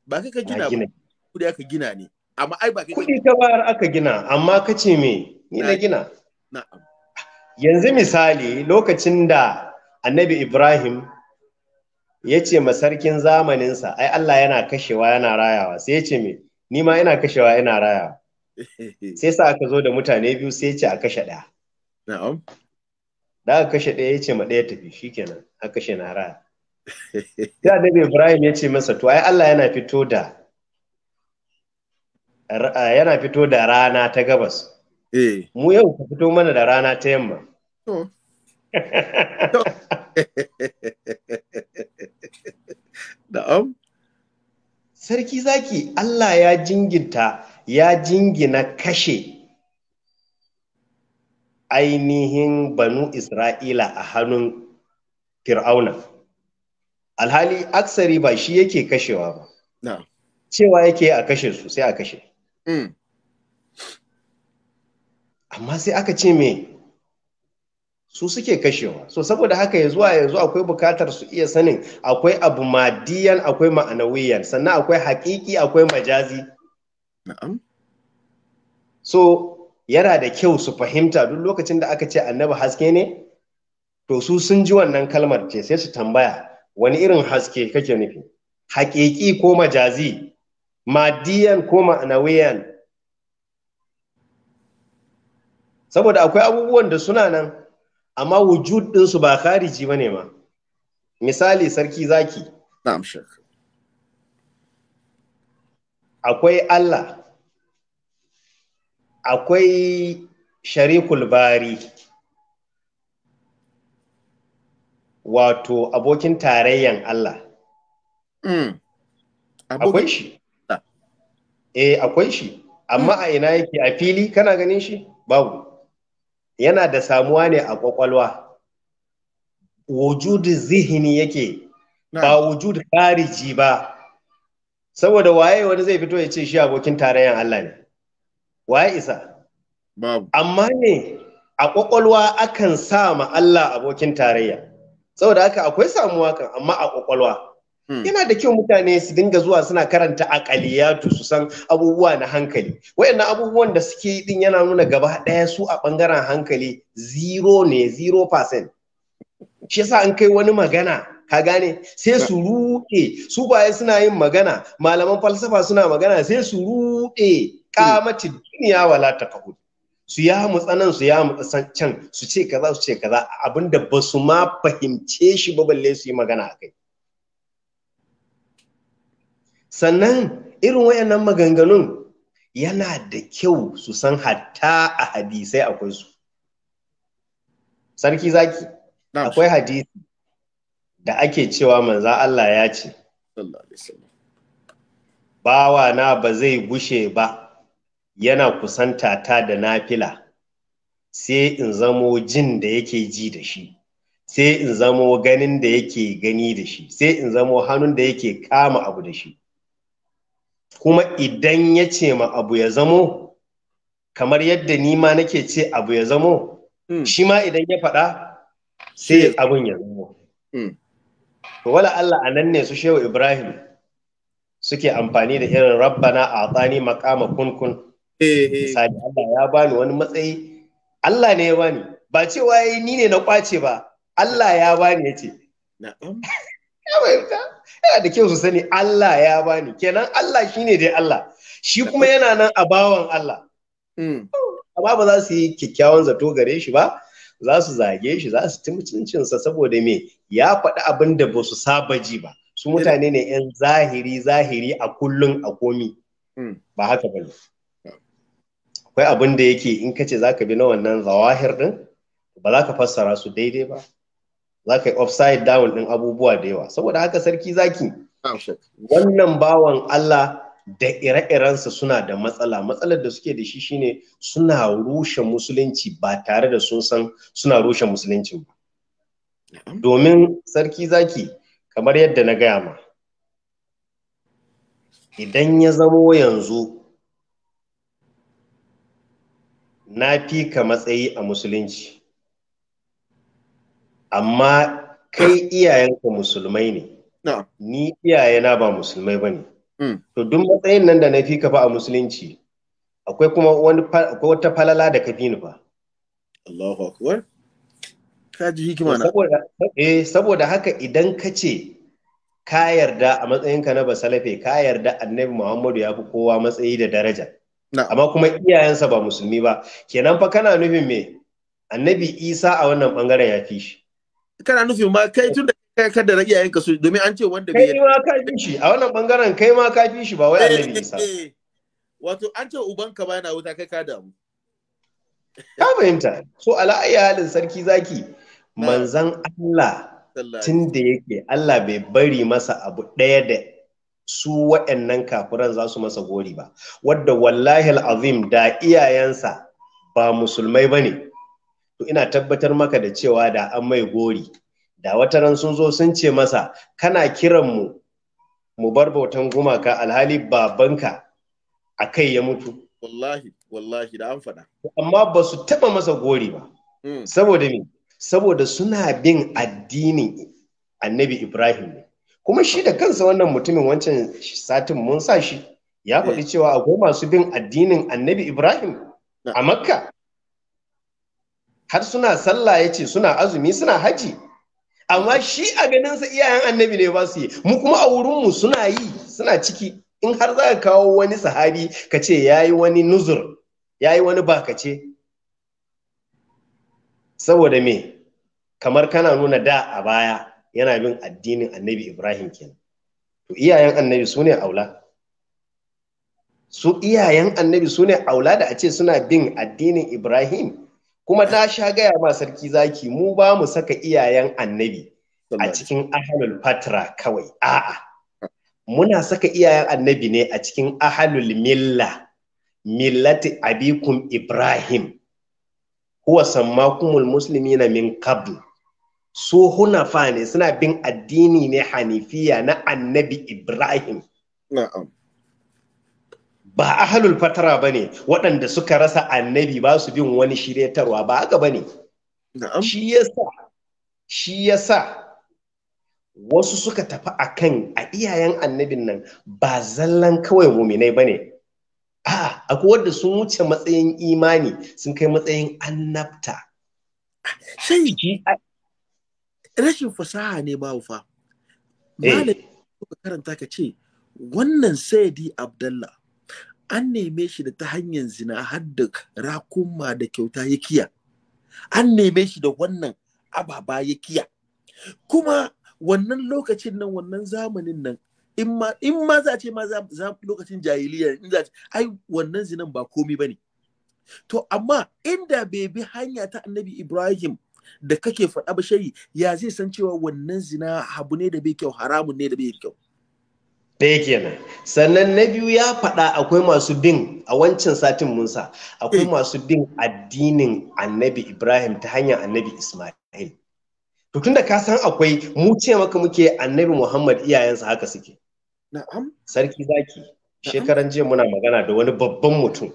ba kai ka gina ba kudi aka gina ne amma ai ba kai kudi ka bayar aka gina amma ka ce me ni na gina na'am yanzu misali lokacin da annabi Ibrahim ya ce ma masarkin zamaninsa ai Allah yana kashewa yana rayawa sai ya ce me ni ma ina kashewa ina rayawa sai sa aka zo da mutane biyu sai ce a kashe ɗaya na'am da aka kashe ɗaya ya ce ma ɗaya tafi shikenan a kashe na ra sai annabi ibrahim ya ce masa to ai Allah yana fito da yana fito da rana ta gabas eh. mu yau ka fito mana da rana ta yamma Na'am. Sarki zaki Allah ya jinginta ya jingina kashe ainihin banu isra'ila a hannun fir'auna alhali aksari ba shi yake kashewa ba cewa yake a kashe su sai a kashe mm. amma sai aka ce me su suke kashewa so saboda haka ya zuwa yanzu akwai bukatar su iya sanin akwai abu madiyan akwai ma'anawiyan sannan akwai haƙiƙi akwai majazi Na'am. So, yana da kyau su fahimta duk lokacin da aka ce annabi haske ne, to su sun ji wannan kalmar ce sai su tambaya wani irin haske kake nufi, haƙiƙi ko majazi, madiyan ko ma'anawiyan. Saboda akwai abubuwan da suna nan, amma wujud ɗinsu ba kariji ba ne ma. Misali sarki zaki. Na'am shek. akwai Allah akwai sharikul bari wato abokin tarayyan Allah mm. akwai shi eh akwai shi amma hmm. a ina yake a fili kana ganin shi babu yana da samuwa ne a kwakwalwa wujudu zihini yake ba wujudu kariji ba saboda waye wani zai fito ya ce shi abokin tarayyan Allah ne waye isa amma ne a kwakwalwa akan sa ma Allah abokin tarayya saboda haka akwai samuwa kan amma a kwakwalwa hmm. yana da kyau mutane su dinga zuwa suna karanta akaliyatu su san abubuwa na hankali wayannan abubuwan da suke din yana nuna gaba ɗaya su a ɓangaren hankali zero ne zero percent shi yasa an kai wani magana ka gane sai su ruɗe su kwaye suna yin magana malaman falsafa suna magana sai su ruɗe kamati duniya wala ta kahu su ya mutsa nan su ya mutsa can su ce kaza su ce kaza abinda ba su ma fahimce shi ba balle su yi magana a kai sannan irin wayannan maganganun yana da kyau su san hatta a hadisai akwai su sarki zaki akwai hadisi da ake cewa manzan Allah ya ce, Bawa na ba zai gushe ba yana kusanta ta da nafila, sai in zamo jin da yake ji da shi, sai in zamo ganin da yake gani da shi, sai in zamo hannun da yake kama abu da shi. Kuma idan ya ce ma abu ya zamo, kamar yadda ni ma nake ce abu ya zamo, hmm. shi ma idan ya faɗa, sai abin ya zamo. Hmm. wala Allah a nan ne su shehu Ibrahim suke amfani da irin rabbana a tsani makama kunkun eh, eh. misali Allah ya bani wani matsayi Allah ne ya bani ba cewa ya ni ne na kwace ba Allah ya bani ya ce. yana da kyau su sani Allah ya bani kenan Allah shi ne dai Allah shi kuma yana nan a bawan Allah mm. amma ba za su yi kyakkyawan zato gare shi ba za su zage shi za su ci mutuncinsa saboda me ya faɗi abin da ba su saba ji ba su mutane ne 'yan zahiri zahiri a kullum a komi hmm. ba haka ba ne akwai abin da yake in ka ce za ka bi na wannan zawahir din ba za ka fassara su daidai ba za ka yi offside down din abubuwa da yawa saboda haka sarki zaki wannan bawan Allah da ire-irensa suna da matsala matsalar da suke da shi shine suna rushe musulunci ba tare da sun san suna rushe musulunci ba domin sarki zaki kamar yadda na gaya ma idan ya zamo yanzu na fi ka matsayi a musulunci amma kai iyayenka musulmai ne ni iyayena ba musulmai ba ne Mm. to duk matsayin nan da na fi ka a musulunci akwai kuma akwai wata falala da ka fi ni fa Allahu akbar ka ji hikima na eh saboda haka idan ka ce ka yarda a matsayinka na basalafe ka yarda annabi Muhammadu ya fi kowa matsayi da daraja amma kuma iyayensa ba musulmi ba kenan fa kana nufin me annabi Isa a wannan bangaren ya fi shi kana nufin ma kai tun da kai kada na iyayenka su domin an ce wanda bai kai ma ka fi shi a wannan bangaren kai ma ka fi shi ba wai annabi Isa eh, eh, eh. wato an ce ubanka ba yana wuta kai ka damu ka fahimta so ala ayi halin sarki zaki manzan Allah tun da yake Allah bai bari masa abu ɗaya da su waɗannan kafiran za su masa gori ba wadda wallahi azim da iyayensa ba musulmai ba ne to ina tabbatar maka da cewa da an mai gori da wata ran sun zo sun ce masa kana kiran mu mu bar bautan gumaka alhali babanka a kai ya mutu wallahi wallahi da an faɗa amma ba su taɓa masa gori ba hmm. saboda me saboda suna bin addinin annabi ibrahim ne kuma shi da kansa wannan mutumin wancan satin mun sa shi ya hmm. faɗi cewa akwai masu bin addinin annabi ibrahim a makka har suna sallah ya ce suna azumi suna haji amma shi a ganinsa iyayen annabi ne ba su yi mu kuma a wurinmu suna yi suna ciki in har za ka kawo wani sahabi ka ce ya yi wani nuzur ya yi wani bakace saboda me kamar kana nuna da a baya yana bin addinin annabi ibrahim kenan to iyayen annabi su ne aula su iyayen annabi su ne aula da a ce suna bin addinin ibrahim kuma ta sha gaya ma sarki zaki mu ba mu saka iyayen annabi a cikin ahalul fatra kawai a'a muna saka iyayen annabi ne a cikin ahalul milla millati abikum ibrahim huwa sammakumul na min kabdu. su fa ne suna bin addini ne hanifiya na annabi ibrahim na'am ba ahalul fatara ba ne waɗanda suka rasa annabi ba su bin wani shiryatarwa ba haka ba ne shi ya sa wasu suka tafi a kan a iyayen annabin nan ba zallan kawai muminai ba ne a akwai wadda sun wuce matsayin imani sun kai matsayin annabta sai rashin fasaha ne ba fa eh. malami karanta ka ce wannan sayadi abdallah an neme shi da ta hanyar zina har da rakuma da kyauta ya kiya an neme shi da wannan ababa ya kiya kuma wannan lokacin nan wannan zamanin nan in ma za ce ma lokacin jahiliya in za ce, ai wannan zinan ba komi ba ne to amma inda bai bi hanya ta annabi ibrahim da kake faɗa ba shari ya zai san cewa wannan zina abu ne da bai kyau haramun ne da bai kyau ɗaya kenan sannan na biyu ya faɗa akwai masu bin a wancan satin Musa, akwai eh. masu bin addinin annabi ibrahim ta hanyar annabi ismail to tunda ka san akwai mu maka muke annabi muhammad iyayensa haka suke sarki zaki shekaran jiya muna magana da wani babban mutum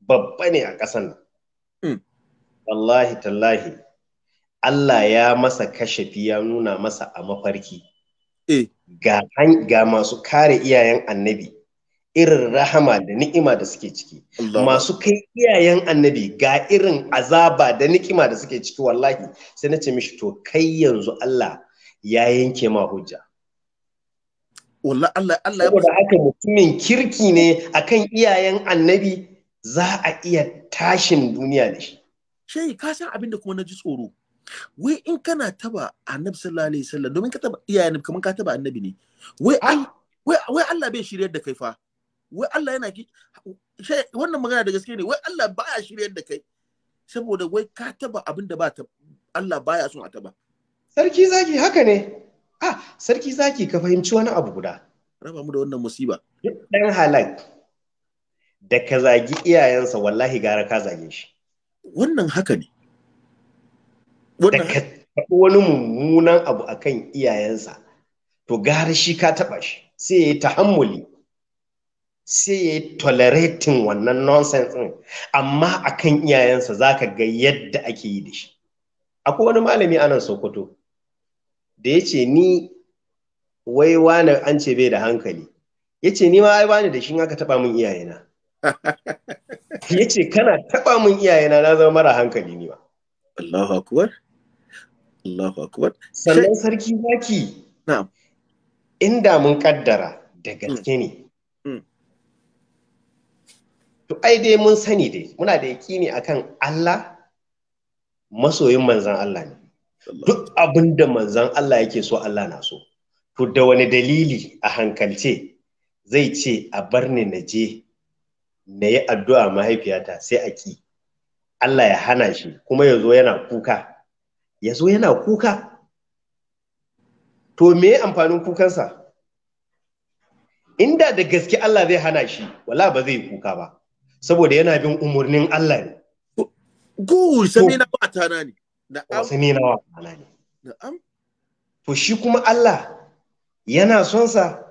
babba ne a ƙasan nan hmm. wallahi tallahi Allah ya masa kashafi ya nuna masa a mafarki Eh. ga masu kare iyayen annabi irin rahama da ni'ima da suke ciki masu kai iyayen annabi ga irin azaba da ni'ima da suke ciki wallahi sai na ce mishi to kai yanzu Allah ya yanke ma hujja Allah Allah saboda haka mutumin kirki ne akan iyayen annabi za a iya tashin duniya da shi shi ka san abin da kuma na ji tsoro wai in kana taba annabi sallallahu alaihi wasallam domin ka taba iyayen kaman ka taba annabi ne ah. wai wai Allah bai shiryar da kai fa wai Allah yana ki wannan magana da gaske ne wai Allah baya shiryar da kai saboda wai ka taba abin da ba ta Allah baya son a taba sarki zaki haka ne ah sarki zaki ka fahimci wani abu guda raba mu da wannan musiba dan halak da ka zagi iyayensa wallahi gara ka zage shi wannan haka ne da ka taɓa wani mummunan abu a kan iyayensa to gara shi ka taɓa shi sai ya yi tahammuli sai ya yi tolerating wannan nonsense Amma a kan iyayensa za ka ga yadda ake yi da shi akwai wani malami anan sokoto da ya ce ni wai wani an ce bai da hankali ya ce ni ma ai bani da shi aka taɓa min iyayena ya ce kana taɓa min iyayena na zama mara hankali ni ba Allahu akbar Allahu akbar sannan sarki zaki na'am inda mun kaddara da mm. gaske ne mm. to ai dai mun sani dai muna da yaƙini akan Allah masoyin manzan Allah ne duk abin da manzan Allah yake so Allah na so to da wani dalili a hankalce zai ce a bar ni na je na yi addu'a mahaifiyata sai a ki Allah ya hana shi kuma ya zo yana kuka ya zo yana kuka to me amfanin kukansa inda da gaske Allah zai hana shi wala ba zai kuka ba saboda yana bin umarnin Allah ne Gul na tana ne na tana ne to shi kuma Allah yana son sa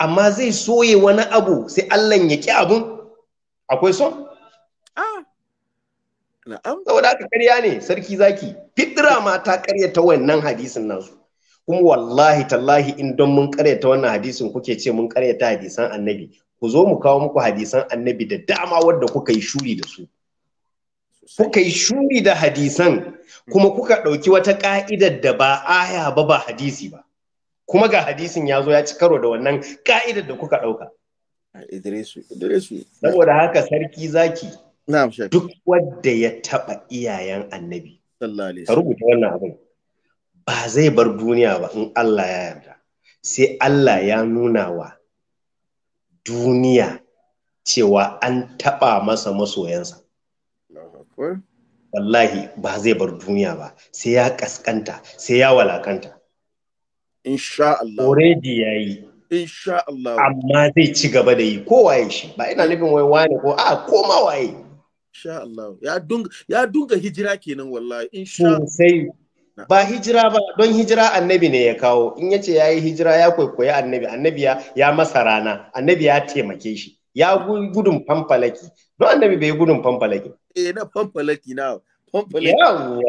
amma zai soye wani abu sai Allah ya ki abun akwai son Na'am. Saboda haka ƙarya ne sarki zaki. Fitira ma ta ƙaryata wannan hadisin nasu. Kuma wallahi tallahi in don mun ƙaryata wannan hadisin kuke ce mun ƙaryata hadisan annabi. Ku zo mu kawo muku hadisan annabi da dama wadda kuka yi shuri da su. Kuka yi shuri da hadisan kuma kuka ɗauki wata ƙa'idar da ba aya ba ba hadisi ba. Kuma ga hadisin ya zo ya ci karo da wannan ƙa'idar da kuka ɗauka. Idrisu, Idrisu. Saboda haka sarki zaki. duk wadda ya taɓa iyayen annabi ka rubuta wannan abin ba zai bar duniya ba in Allah ya yarda sai Allah ya nuna wa duniya cewa an taɓa masa masoyansa wallahi ba zai bar duniya ba sai ya kaskanta sai ya walakanta insha Allah already yayi insha Allah amma zai ci gaba da yi ko waye shi ba ina nufin wai wane ko a ko ma waye Insha Allah. Ya dunga ya dunga hijira kenan wallahi. Insha Sai ba hijira ba don hijira annabi ne ya kawo in yace yayi hijira ya koyi annabi annabi ya ya masa rana annabi ya taimake shi ya gudun fanfalaki don annabi bai gudun fanfalaki eh na fanfalaki na fanfalaki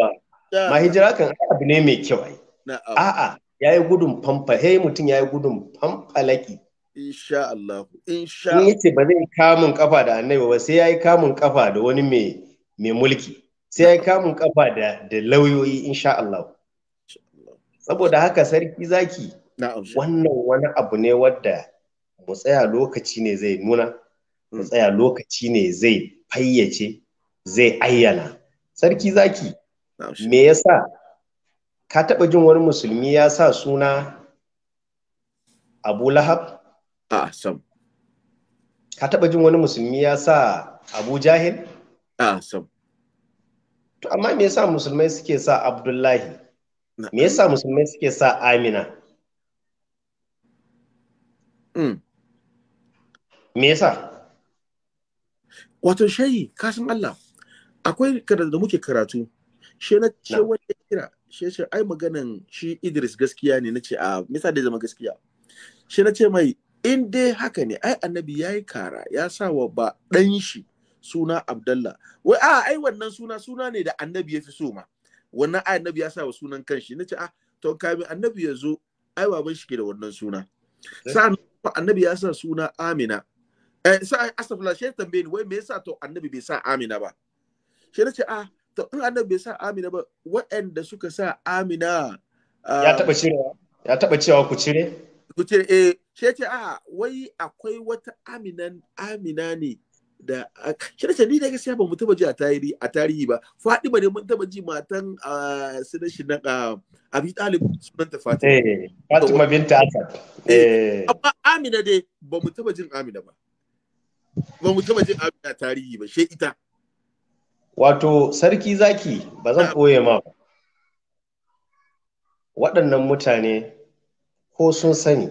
ma hijira kan abu ne mai kyau ai ya yayi gudun fanfa hey mutum yayi gudun fanfalaki Insha Allah. Insha Allah. ce ba zai kamun kafa da annabi ba sai ya yi kamun kafa da wani mai mulki. Sai ya yi kamun kafa da lauyoyi insha Allah. Saboda haka sarki zaki wannan wani abu ne wadda mu tsaya lokaci ne zai nuna, mu hmm. tsaya lokaci ne zai fayyace, zai ayyana. Sarki zaki, me ya sa ka taɓa jin wani musulmi ya sa suna Abu Lahab? a sam ka taɓa jin wani musulmi ya sa abu jahil a sam to amma me yasa musulmai suke sa abdullahi me yasa musulmai suke sa amina hmm. me yasa wato shayi kasan Allah akwai da muke karatu she na ce wani ya kira she ce ai maganan shi Idris gaskiya ne na ce a ah, misa da zama gaskiya she na ce mai in dai haka ne ai annabi ya yi kara ya sa wa ba ɗan shi suna abdallah wai a ai wannan suna suna ne da annabi ya fi so ma wannan ai annabi ya sa wa sunan kanshi na ce a ah, to kamin annabi ya zo ai baban shi ke da wannan suna eh. sa'an annabi ya sa suna amina eh sa astagfirullah shi tambaye ni wai me yasa to annabi bai sa amina ba shi na ce a ah, to in annabi bai sa amina ba waɗanda suka sa amina ya ah, taba cirewa ya taba cewa ku cire ku cire eh shi ya ce a wai akwai wata aminan amina ne da shi da ni da gaskiya ba mu taba ji a tarihi a tarihi ba Fatima ne mun taba ji matan sunan shi na Abi Talib sunanta Fatima eh Fatima binta Asad eh, eh. amma Amina dai ba mu taba jin Amina ba ba mu taba jin Amina a tarihi ba she ita wato sarki zaki ba zan koye ma waɗannan mutane ko sun sani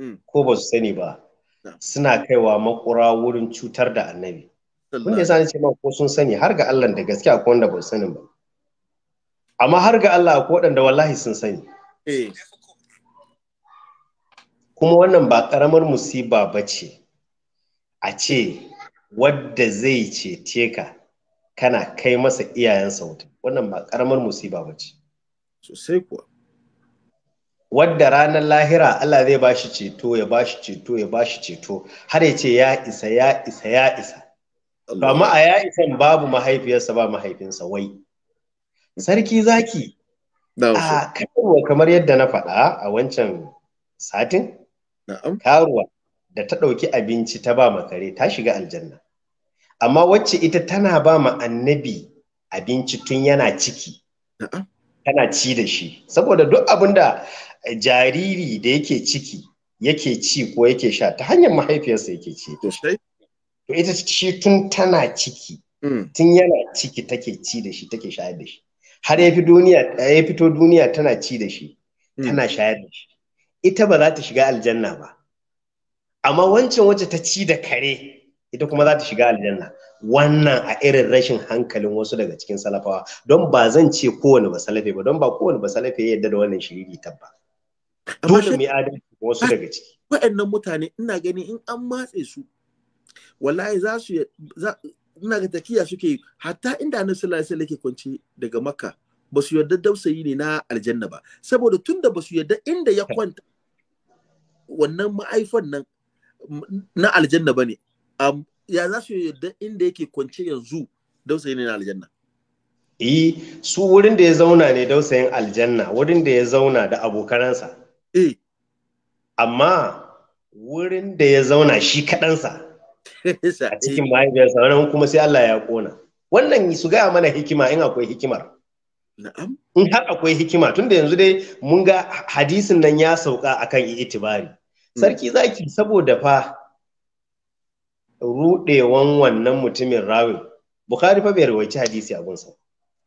Mm. ko ba su sani ba suna kaiwa makura wurin cutar da annabi kun da sani ce ma ko sun sani har ga Allah da gaskiya akwai wanda ba su sani ba amma har ga Allah akwai wadanda wallahi sun sani eh. kuma wannan ba karamar musiba ba ce a ce wadda zai cece ka kana kai masa iyayensa wuta wannan ba ƙaramar musiba ba ce sosai kuwa wadda ranar lahira Allah zai bashi ceto ya bashi ceto ya bashi ceto har ya ce ya isa ya isa ya isa a ya isa babu mahaifiyarsa ba mahaifinsa wai sarki zaki a ah, karuwa kamar yadda na faɗa a wancan satin karuwa da ta ɗauki abinci ta ba makare ta shiga aljanna amma wacce ita tana ba ma annabi abinci tun yana ciki kana ci da shi saboda duk abin da jariri da yake ciki yake ci ko yake sha ta hanyar mahaifiyarsa yake ci to ita shi tun tana ciki mm. tun yana ciki take ci da shi take shayar da shi har ya fito duniya tana ci da shi mm. tana shayar da shi ita ba za ta shiga aljanna ba amma wancan wacce ta ci da kare ita kuma za ta shiga aljanna wannan a irin rashin hankalin wasu daga cikin salafawa don ba zan ce kowane ba salafe ba don ba kowane ba salafe ya yadda da wannan shiriri tabba dole mu adalci wasu ah, daga ciki wa'annan mutane ina gani in an matse su wallahi za su ina ga takiya suke hatta inda na sallallahu alaihi wasallam yake kwance daga makka ba su yarda dausayi ne na aljanna ba saboda tunda ba su yarda inda ya kwanta wannan ma'aifan nan na aljanna ba ne ya za su yarda inda yake kwance yanzu dausayi ne na aljanna eh su wurin da ya zauna ne dausayin aljanna wurin da ya zauna da abokanansa eh amma wurin da ya zauna shi kaɗansa a e. cikin mahaifiyarsa wannan kuma sai Allah ya kona wannan su gaya mana hikima in akwai hikimar Na'am. in har akwai hikima tunda yanzu dai mun ga hadisin nan ya sauka akan itibari hmm. sarki zaki saboda fa rudewan wannan mutumin rawin bukhari fa bai rawaici hadisi a gunsa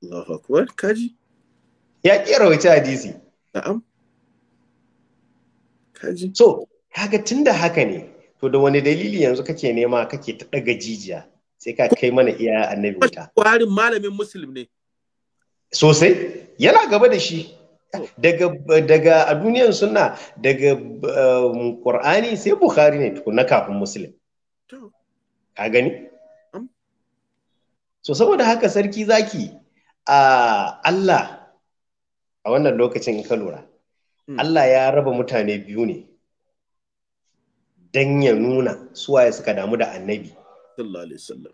Allahu akbar kaji ya ƙi rawaici hadisi na'am kaji so kaga tunda haka ne to da wani dalili yanzu kake nema kake ta daga jijiya sai ka kai mana iya annabi wuta kwarin malamin muslim ne sosai yana gaba da shi oh. daga a duniyar sunna daga eh, qur'ani sai bukhari ne tukuna kafin muslim ka gani so saboda haka sarki zaki a Allah a wannan lokacin in ka lura hmm. Allah ya raba mutane biyu ne don ya nuna suwaye suka damu da annabi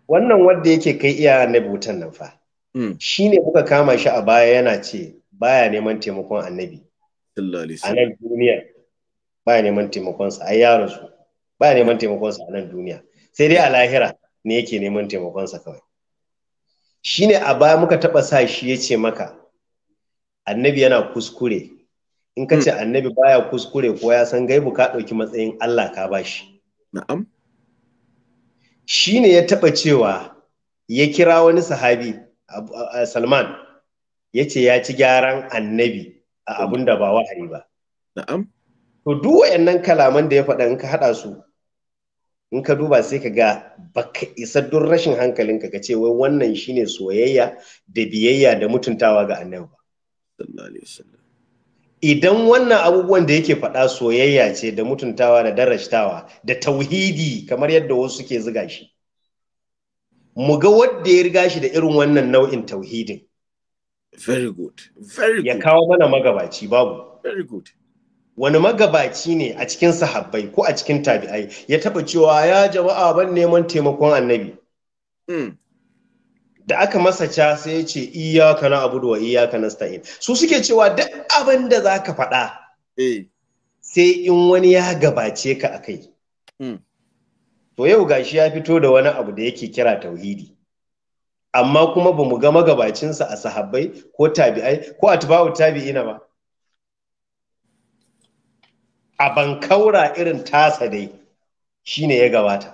wannan wanda yake kai iya annabi wutan nan fa hmm. shi ne muka kama shi a baya yana ce baya neman taimakon annabi a nan duniya baya neman taimakonsa ai ya rasu baya neman taimakonsa a nan duniya sai dai a lahira ne yake neman taimakonsa kawai shine a baya muka taɓa sa shi ya ce maka annabi yana kuskure in ka ce hmm. annabi baya kuskure ko ya san gaibu ka ɗauki matsayin Allah ka bashi na'am shine ya taba cewa ya kira wani sahabi Salman ya ce ya ci gyaran annabi a abin da ba wahayi ba na'am to duk wayannan kalaman da ya faɗa in ka haɗa su in ka duba sai ka ga baka isa duk rashin hankalin ka ce wai wannan shine soyayya da biyayya da mutuntawa ga annabi idan wannan abubuwan da yake faɗa soyayya ce da mutuntawa da darashtawa da tauhidi kamar yadda wasu suke ziga shi mu ga wanda ya riga shi da irin wannan nau'in tauhidin very good very good ya kawo mana magabaci babu very good wani magabaci ne a cikin sahabbai ko a cikin tabi'ai ya taba cewa ya jama'a ban neman taimakon annabi hmm. da aka masa ca sai ya ce iyaka na abudu wa iyaka nasta'in su suke cewa duk abin da za ka faɗa eh. sai in wani ya gabace ka a kai hmm. to yau gashi ya fito da wani abu da yake kira tauhidi amma kuma ba mu ga magabacinsa a sahabbai ko tabi'ai ko a tabi'ina ba a bankaura irin tasa dai shine ya gabata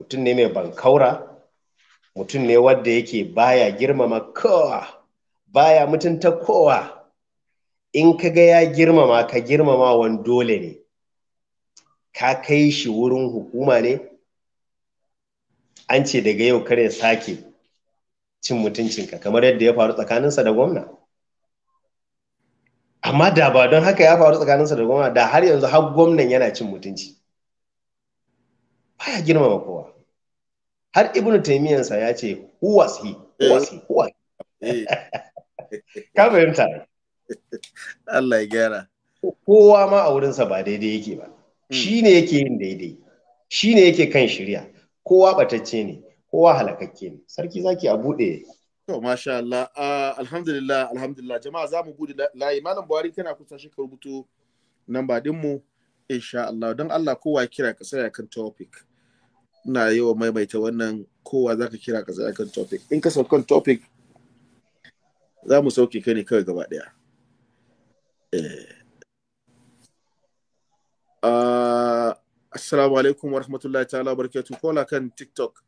mutum ne mai bankaura mutum ne wadda yake baya girmama kowa baya mutunta kowa in ka ga ya girmama ka girmama wani dole ne ka kai shi wurin hukuma ne an ce daga yau kare sake cin mutuncinka kamar yadda ya faru tsakaninsa da gwamna amma da ba don haka ya faru tsakaninsa da gwamna da har yanzu har gwamnan yana cin mutunci baya girmama kowa har ibnu sa ya ce who was he who was he who was he eh. ka fahimta Allah ya gyara kowa ma a wurinsa ba daidai yake ba hmm. shi ne yake yin daidai shi ne yake kan shirya kowa batacce ne kowa halakakke ne sarki zaki a buɗe To, masha Allah, ah, alhamdulillah, alhamdulillah, jama'a za mu gudu layi. Malam Buhari tana kusa shi ka rubuto ba dinmu, insha Allah, don Allah kowa kira ka tsaya kan topic. Ina wa maimaita wannan kowa za ka kira ka tsaya kan topic. In ka saukan topic, za mu sauke ka ne kawai gaba ɗaya. Eh. Ah, assalamu alaikum wa rahmatullahi ta'ala wa Kola kan TikTok.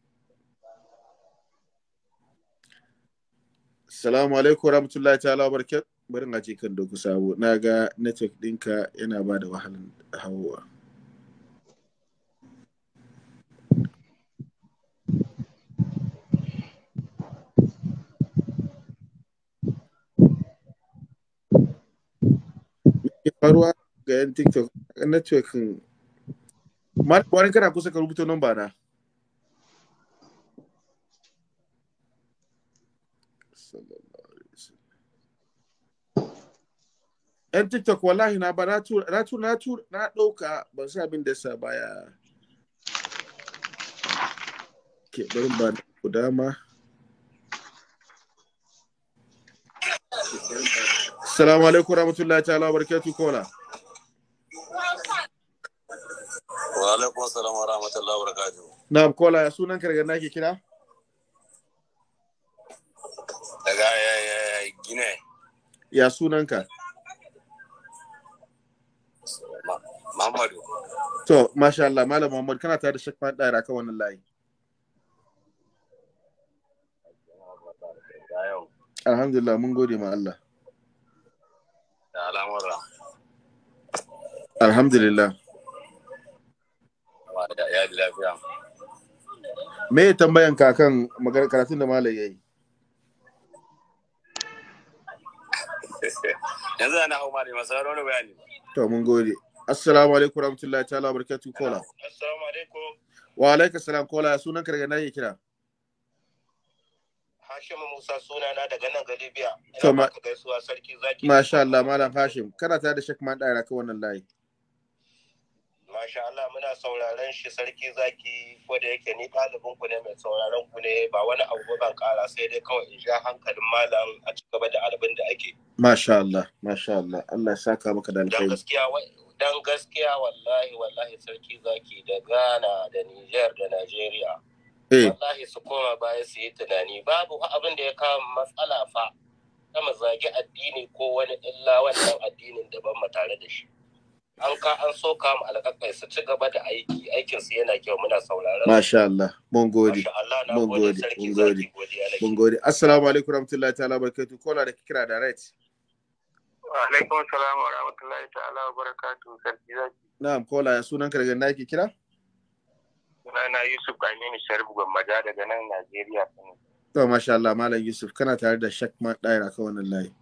Salamu alaikum rahmatullahi ta'ala barkat. Bari na je kan doku sabo. Na ga network ɗinka yana ba da wahalan hawa. faruwa ga yan tiktok network wani kana kusa ka rubuta nan ba na yan tiktok wallahi na ba na tura na tura na dauka ban sa abin da sa baya ke bari ba ku dama Assalamu alaikum rahmatullahi ta'ala wa barakatuh kola. Wa alaikum assalam wa rahmatullahi wa barakatuh. Na'am kola ya sunan karga nake kira? Ya sunanka? Muhammadu. To, masha Allah, Malam Muhammad, kana tare da Sheikh Fahad Daira kan wannan layi. Alhamdulillah, mun gode ma Allah. Da al'amura. Alhamdulillah. Ya ji lafiya. Me tambayan kakan karatun da Malam ya yi? yanzu ana hau mare masu wani bayani to mun gode assalamu alaikum rahmatullahi ta'ala barkatu kola assalamu alaikum wa alaikum salam kola sunan karga na yi kira Hashim Musa suna na daga nan Galibiya. Ina ka gaisuwa sarki zaki. Masha Allah Malam Hashim, kana tare da shakman Man Daira ka wannan layi. masha Allah muna sauraron shi sarki zaki ko yake ni ɗalibin ku ne mai sauraron ku ne ba wani abu ban ƙara sai dai kawai in ja hankalin malam a ci da abin da ake. Masha Allah, masha Allah, Allah saka maka da alkhairi. Dan gaskiya dan gaskiya wallahi wallahi sarki zaki da Ghana da Niger da Nigeria, eh. Wallahi su koma baya su yi tunani babu abin da ya kawo matsala fa. Kama zagi addini ko wani illa wannan addinin daban mu tare da shi. an ka an soka mu alƙaƙai su ci gaba da aiki aikin su yana kyau muna sauraron masha Allah mun gode mun gode mun gode mun gode assalamu alaikum warahmatullahi ta'ala barakatuh kola da kira da right wa alaikum assalam wa rahmatullahi ta'ala wa barakatuh sarki zaki na'am kola ya sunan ka daga nake kira sunana Yusuf Aminu Sharif Gwammaja daga nan Najeriya to masha Allah malam Yusuf kana tare da Shakman ɗaya a wannan layi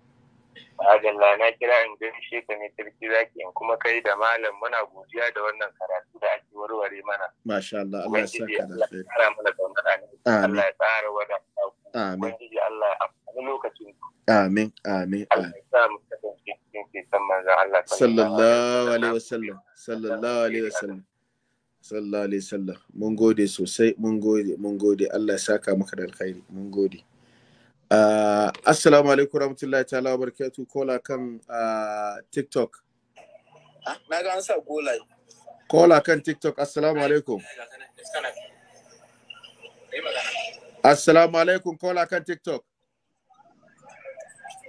Adalla na kira in gaishe ka ne sarki zaki in kuma kai da malam muna godiya da wannan karatu da ake warware mana. Masha Allah Allah ya saka da kai. Allah ya Allah ya tsara wada. Amin. Ubangiji Allah ya amfani lokacin. Amin amin. Allah ya sa mu kasance cikin ceton manzon Allah. Sallallahu alaihi wasallam. Sallallahu alaihi wasallam. Sallallahu alaihi wasallam. Mun gode sosai mun gode mun gode Allah ya saka maka da alkhairi mun gode. Uh, assalamu alaikum rahmatullahi ta'ala barkatu kola kan uh, TikTok. Ah, na ga an sa kola. Kola kan TikTok. Assalamu alaikum. Assalamu alaikum kola kan TikTok.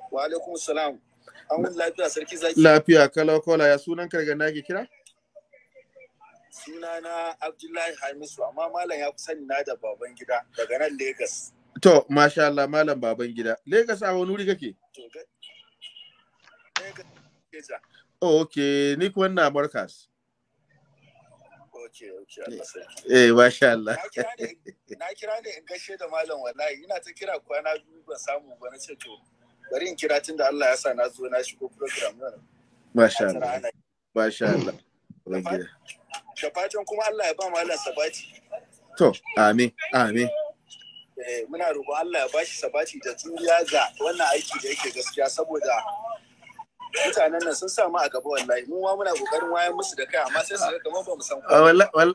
Wa alaikum salam. An wani lafiya sarki zaki. Lafiya kala kola ya sunan karga na ke kira? Sunana Abdullahi Hamisu amma malam ya fi sani na da baban gida daga nan Lagos. To, masha Allah, Malam baban gida. a wani wuri kake? Oh, okay. ni kuwa na Marcus. Eh, masha Allah. Na kira ne in gashe da Malam wallahi, ina ta kira kwana biyu ban samu ba na ce to, bari in kira tun da Allah ya sa na zo na shigo program nan. Masha Allah. Masha Allah. Da fatan kuma Allah ya ba Malam sabati. To, amin, amin. Eh, muna roƙo Allah ya bashi sabati da juriya ga wannan aiki da yake gaskiya saboda mutanen nan sun samu a gaba wallahi mu ma muna kokarin wayan musu da kai amma sai su ga kamar ba mu san ko ah,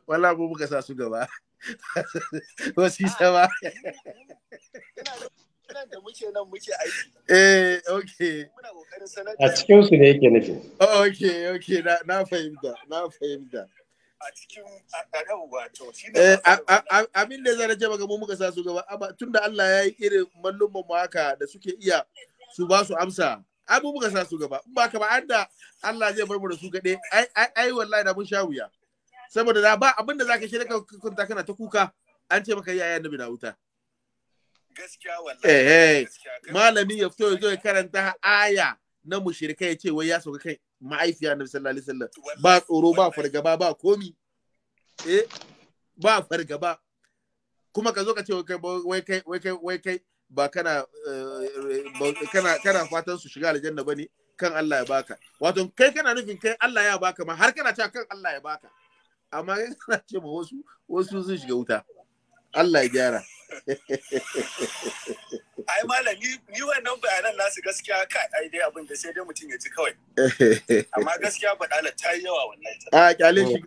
wallahi mu muka sa su gaba wasu sama da muke nan muke aiki eh okay a cikin su ne yake nufi okay okay na fahimta na fahimta a cikin yauwa to eh, abin da zai rage maka mu muka sa su gaba amma tunda Allah ya yi irin mallumman mu haka da suke iya su ba su amsa abu muka sa su gaba in ba ka ba an da Allah zai bar mu da su gade ai ai ai wallahi da mun sha wuya saboda da ba abin da zaka da kunta kana ta kuka an ce maka yaya annabi na wuta gaskiya wallahi eh, eh malami ya fito ya zo ya karanta aya na mushrikai ya ce wai ya sauka kai ma'aifiya na sallallahu alaihi wasallam ba tsoro ba fargaba ba komi eh ba fargaba kuma ka zo ka ce wai kai wai kai wai kai ba kana eh, kana kana fatan su shiga aljanna bane kan Allah ya baka wato kai kana nufin kai Allah ya baka ma har kana cewa kan Allah ya baka amma kai kana ce ma wasu wasu sun shiga wuta Allah ya gyara ai malam ni wannan bayanan nasu gaskiya ka ai dai abin da sai dai mutum ya ji kawai amma gaskiya badala ta yi yawa wannan a kyale shi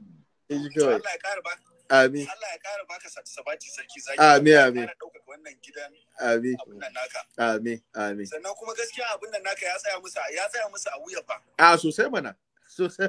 Allah ya kara baka amin Allah ya kara baka sabaci sarki zaki amin amin wannan gidan amin naka amin amin sannan kuma gaskiya abin nan naka ya tsaya musu ya tsaya musu a wuya ba a sosai mana so shi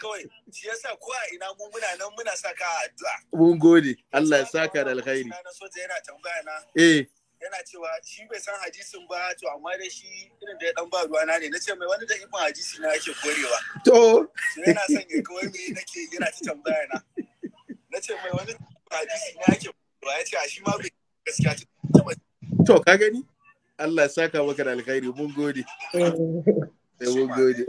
kawai shi yasa ko a ina mun muna nan muna saka addu'a mun gode Allah ya saka da alkhairi na soja yana tambaya na eh yana cewa shi bai san hadisin ba to amma da shi irin da ya dan ba Na ne nace mai wani da ibn hadisi na yake korewa to yana son ya kawai me nake yana ta tambaya na nace mai wani hadisi na yake korewa yace a shi ma bai gaskiya to ka gani Allah ya saka maka da alkhairi mun gode eh. Mun gode.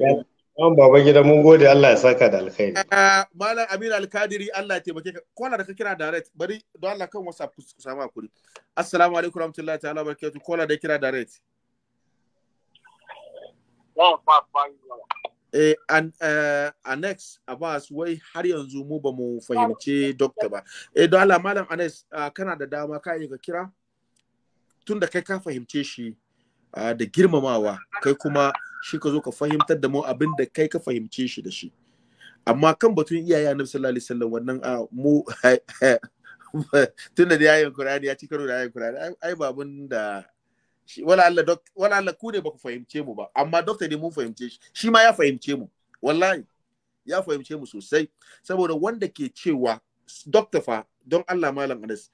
Yan baba gida mun gode Allah ya saka da alkhairi. Ah, Malam Aminu Alkadiri Allah ya taimake ka. Kola da ka kira direct bari don Allah kan WhatsApp ku samu hakuri. Assalamu alaikum warahmatullahi ta'ala barakatuh. Kola da kira direct. Eh, an, uh, eh, annex Abbas wai har yanzu mu ba mu fahimci doctor ba. Eh, don Allah Malam Anex ah, kana da dama ka yi ka kira? da kai ka fahimce shi ah, da girmamawa kai kuma shi ka zo ka fahimtar da mu abin da kai ka fahimce shi da shi amma kan batun iyaye annabi sallallahu alaihi wasallam wannan a mu tunda da yayin Qur'ani ya ci karo da yayin Qur'ani ai babun da wala Allah dok wala Allah ku ne baku fahimce mu ba amma doctor ne mun fahimce shi shi ma ya fahimce mu wallahi ya fahimce mu sosai saboda wanda ke cewa doctor fa don Allah malam Anas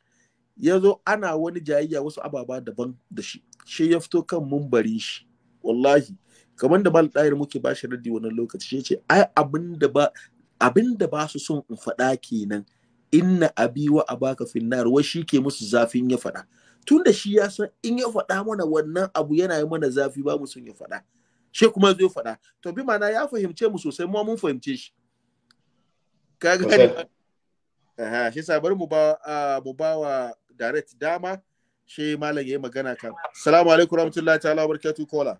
ya zo ana wani jayayya wasu ababa daban da shi shi ya fito kan mumbarin shi wallahi kamar da mal ɗayar muke ba shi raddi wannan lokaci shi ce ai abin da ba ba su son in faɗa kenan inna abi wa abaka finnar wa shi ke musu zafin ya faɗa tun da shi ya san in ya faɗa mana wannan abu yana yi mana zafi ba mu son ya faɗa shi kuma zai faɗa to bi mana ya fahimce mu sosai mu mun fahimce shi ka gani aha shi sabar mu ba mu ba wa direct dama shi malam yayi magana kan assalamu alaikum warahmatullahi ta'ala wa barakatuh kola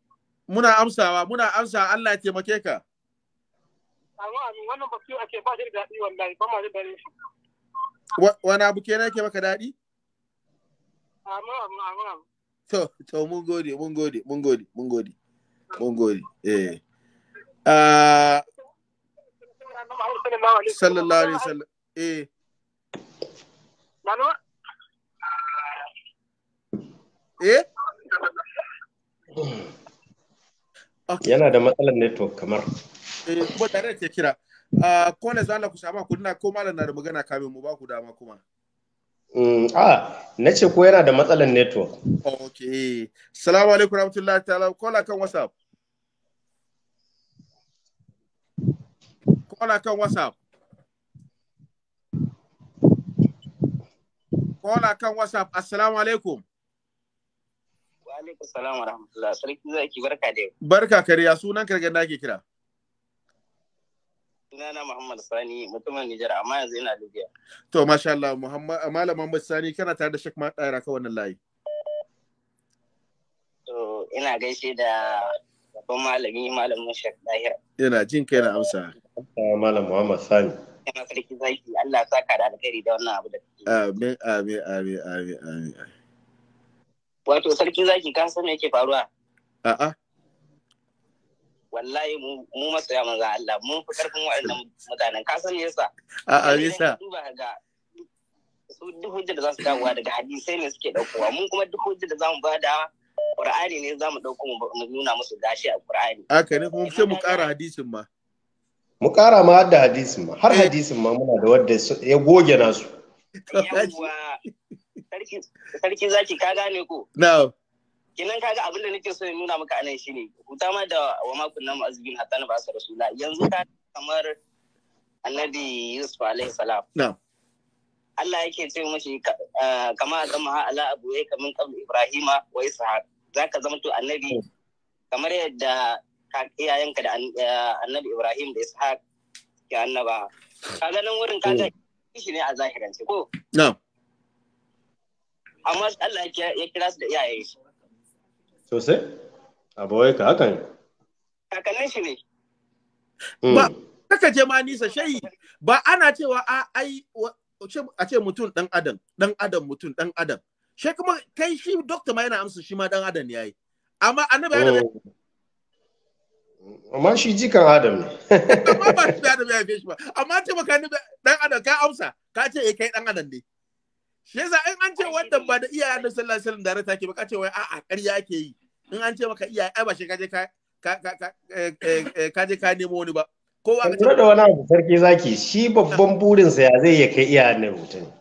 muna amsawa muna amsa Allah ya taimake ka amma amin wannan batu ake ba shi da daɗi wallahi ba ma da dare shi wani abu kenan yake maka daɗi amma amma amma to to mun gode mun gode mun gode mun gode mun gode eh ah, sallallahu alaihi wasallam eh eh hmm. Yana da matsalar network kamar. Eh, kuma tare da ke kira. Ah, ko ne zala ku shama ku dina ko malam na da magana kamin mu ba ku dama kuma. Mm, a, na ce ko yana da matsalar network. Ok. Salamu alaikum rahmatullahi ta'ala. na kan WhatsApp. na kan WhatsApp. na kan WhatsApp. Assalamu alaikum. alaikum salam wa rahmatullah. Sarki zaki barka da yau. Barka kariya sunan kargan da ake kira. Sunana Muhammad Sani mutumin Nijar amma yanzu ina Libya. To masha Allah Muhammad ah, Malam Muhammad Sani kana tare da Sheikh ma Daira ka wannan layi. To ina gaishe da babban malami malamin Sheikh Daira. Ina jin kai na amsa. Ah, Malam Muhammad Sani. Ina sarki zaki Allah saka da alkhairi da wannan abu da kake. Amin amin amin amin amin. Wato sarki zaki ka san me yake faruwa? A'a. Wallahi mu mu masoya manzo Allah mun fi karfin waɗannan mutanen ka san me yasa? A'a me yasa? Duba ga su duk hujjar da za su dawo daga hadisi ne suke daukowa mun kuma duk hujjar da za mu bada Qur'ani ne za mu dauko mu nuna musu gashi a Qur'ani. Haka ne kuma sai mu ƙara hadisin ma. Mu ƙara ma har da hadisin ma har eh. hadisin ma muna da wadda ya goge nasu. Yawwa sarki zaki ka gane ko no kinan kaga abin da nake so ya nuna maka anan shine huta ma da wa makun nan azbin hatta na su rasula yanzu ka kamar annabi yusuf alaihi salam no Allah yake ce mashi eh, kama a zama ha ala abu ya kamin kabla ibrahima wa ishaq zaka zama to annabi kamar yadda iyayenka da eh, annabi ibrahim da ishaq ke annaba kaga nan wurin kaga shi ne a zahirance ko na'am amma Allah ya kira su da iyaye sosai wai ka haka ne kakannin shi ne hmm. ba kaka je ma nisa shayi ba ana cewa a ai a ce mutum dan adam dan adam mutum dan adam shi kuma kai shi dokta ma yana amsa shi ma dan adam ya yayi amma annabi yana amma shi jikan adam ne amma ba shi adam ya fi shi ba amma ce maka dan adam ka amsa ka ce eh kai dan adam ne shi yasa in an ce wannan ba da iyaye da sallallahu alaihi wasallam da take ba ka ce wai a'a ƙarya ake yi in an ce maka iyaye ai ba shi kaje ka eh, eh, eh, ka je ka nemo wani ba kowa ka ce da wani abu sarki zaki shi babban burinsa ya zai ya kai iyayen nan rubutu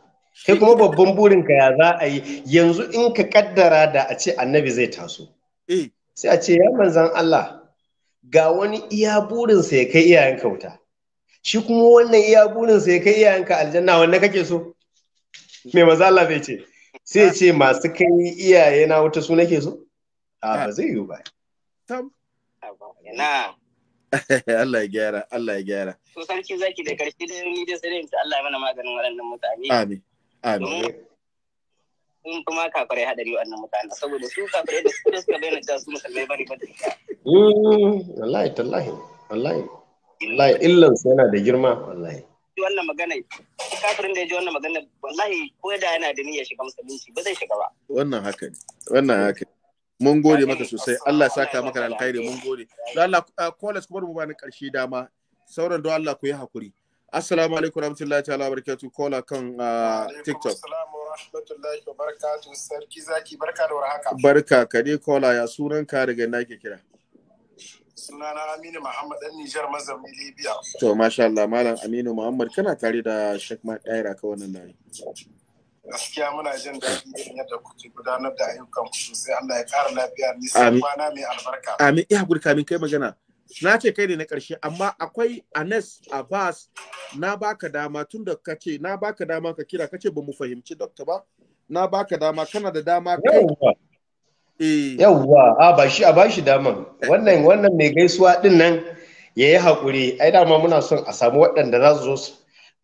kai kuma babban burin ka ya za a yi yanzu in ka kaddara da a ce annabi zai taso sai a ce ya manzan Allah ga wani iya burinsa ya kai iyayen kauta shi kuma wannan iya burinsa ya kai iyayen ka aljanna wanda kake so me maza Allah bai ce sai ce masu kai iyaye na wata su nake so a ba zai yiwu ba tam Allah ya gyara Allah ya gyara to sarki zaki da karshe da ni da sai ta Allah ya mana maganin waɗannan mutane amin amin in kuma kafare hadari wannan mutane saboda su kafare da su da suka bayyana cewa su musulmai bari ba da hmm, wallahi tallahi wallahi illan sai yana da girma wallahi faɗi wannan magana kafirin da ya ji wannan magana wallahi ko da yana da niyyar shiga musulunci ba zai shiga ba wannan haka ne wannan haka ne mun gode maka sosai Allah ya saka maka alkhairi mun gode don Allah kolas uh, kuma mu bani karshe dama sauran don Allah ku yi hakuri assalamu alaikum warahmatullahi ta'ala barakatuh kola kan uh, tiktok assalamu rahmatullahi wa barakatuh sarki zaki barka da warhaka barka ka ne kola ya sunan ka daga nake kira sunana Aminu Muhammad dan Nijar mazauni Libya. To masha Allah Malam Aminu Muhammad kana tare da Sheikh Mat Daira ka wannan layi. Gaskiya muna jin daɗi irin yadda kuke gudanar da ayyukan ku sosai Allah ya kara lafiya ni sai kwana mai albarka. Amin iya gurka min kai magana. Na ce kai ne na ƙarshe amma akwai anes Abbas na baka dama tun da ce na baka dama ka kira kace ba mu fahimci dokta ba na baka dama kana da dama kai Eh. yawwa a ba shi a ba shi daman wannan wannan mai gaisuwa din nan ya yi haƙuri ai dama muna son a samu waɗanda za su zo su.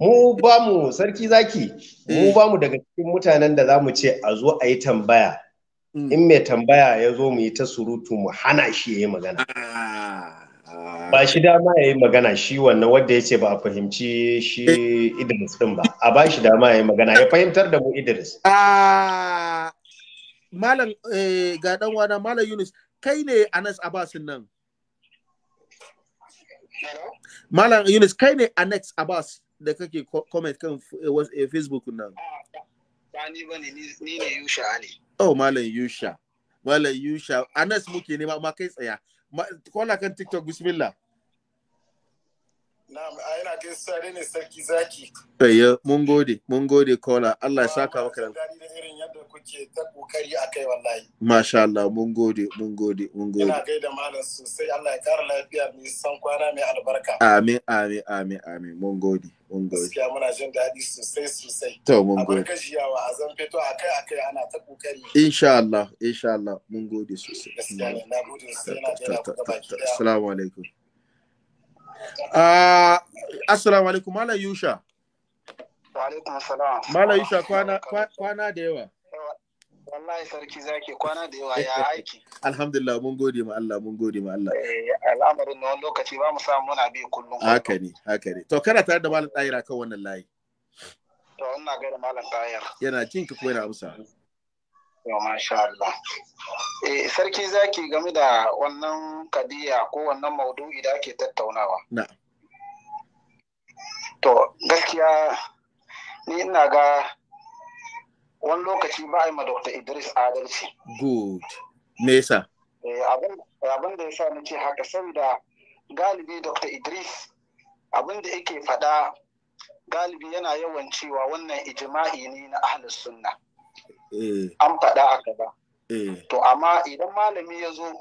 mu ba mu sarki zaki mu eh. ba mu daga cikin mutanen da za mu ce a zo a yi tambaya mm. in mai tambaya ya zo mu yi ta surutu mu hana shi ya yi magana ah. ba shi dama ya yi magana shi wannan wadda ya ce ba a fahimci shi eh. idris din ba a ba shi dama ya yi magana ya fahimtar da mu idris ah. malam eh, ga dan wana malam Yunus kai ne Anas Abbas nan malam Yunus kai ne Anex Abbas da kake comment kan Facebook nan ba ni bane ni ne Yusha Ali oh malam Yusha malam Yusha Anas muke ne ma kai tsaya kola kan TikTok bismillah Na'am, a yana ne sarki zaki. mun gode, mun gode kola. Allah ya saka maka kuke ta kokari a kai wallahi. Masha Allah mun gode mun gode mun gode. Ina gaida malam sosai Allah ya kara lafiya mai san kwana mai albarka. Amin amin amin amin mun gode mun gode. Gaskiya muna jin daɗi sosai sosai. To mun gode. Abarka jiyawa a zan fito a kai a kai ana ta kokari. Insha Allah insha Allah mun gode sosai. Gaskiya ne na gode sosai na gaida ku gaba ki Assalamu alaikum. Uh, assalamu Malam Yusha. Malam Isha kwana da yawa. wallahi sarki zaki kwana da yawa ya eh, eh, aiki alhamdulillah mun gode ma Allah mun gode ma Allah eh, al'amarin na wani lokaci ba mu samu muna bi kullum haka ne haka ne to kana tare da malam tsayira kan wannan layi to ina ga da malam tsayira yana jin ka ko yana amsa yau masha Allah eh sarki zaki game da wannan kadiya ko wannan maudu'i da ake tattaunawa na to gaskiya ni ina ga wani lokaci ba a yi ma Dr. Idris adalci. Good. Me yasa? Eh, abin da yasa na ce haka saboda galibi Dr. Idris abin da yake faɗa galibi yana yawan cewa wannan ijima'i ne na ahlus sunna. Eh. An faɗa a ba. Eh. To amma idan malami ya zo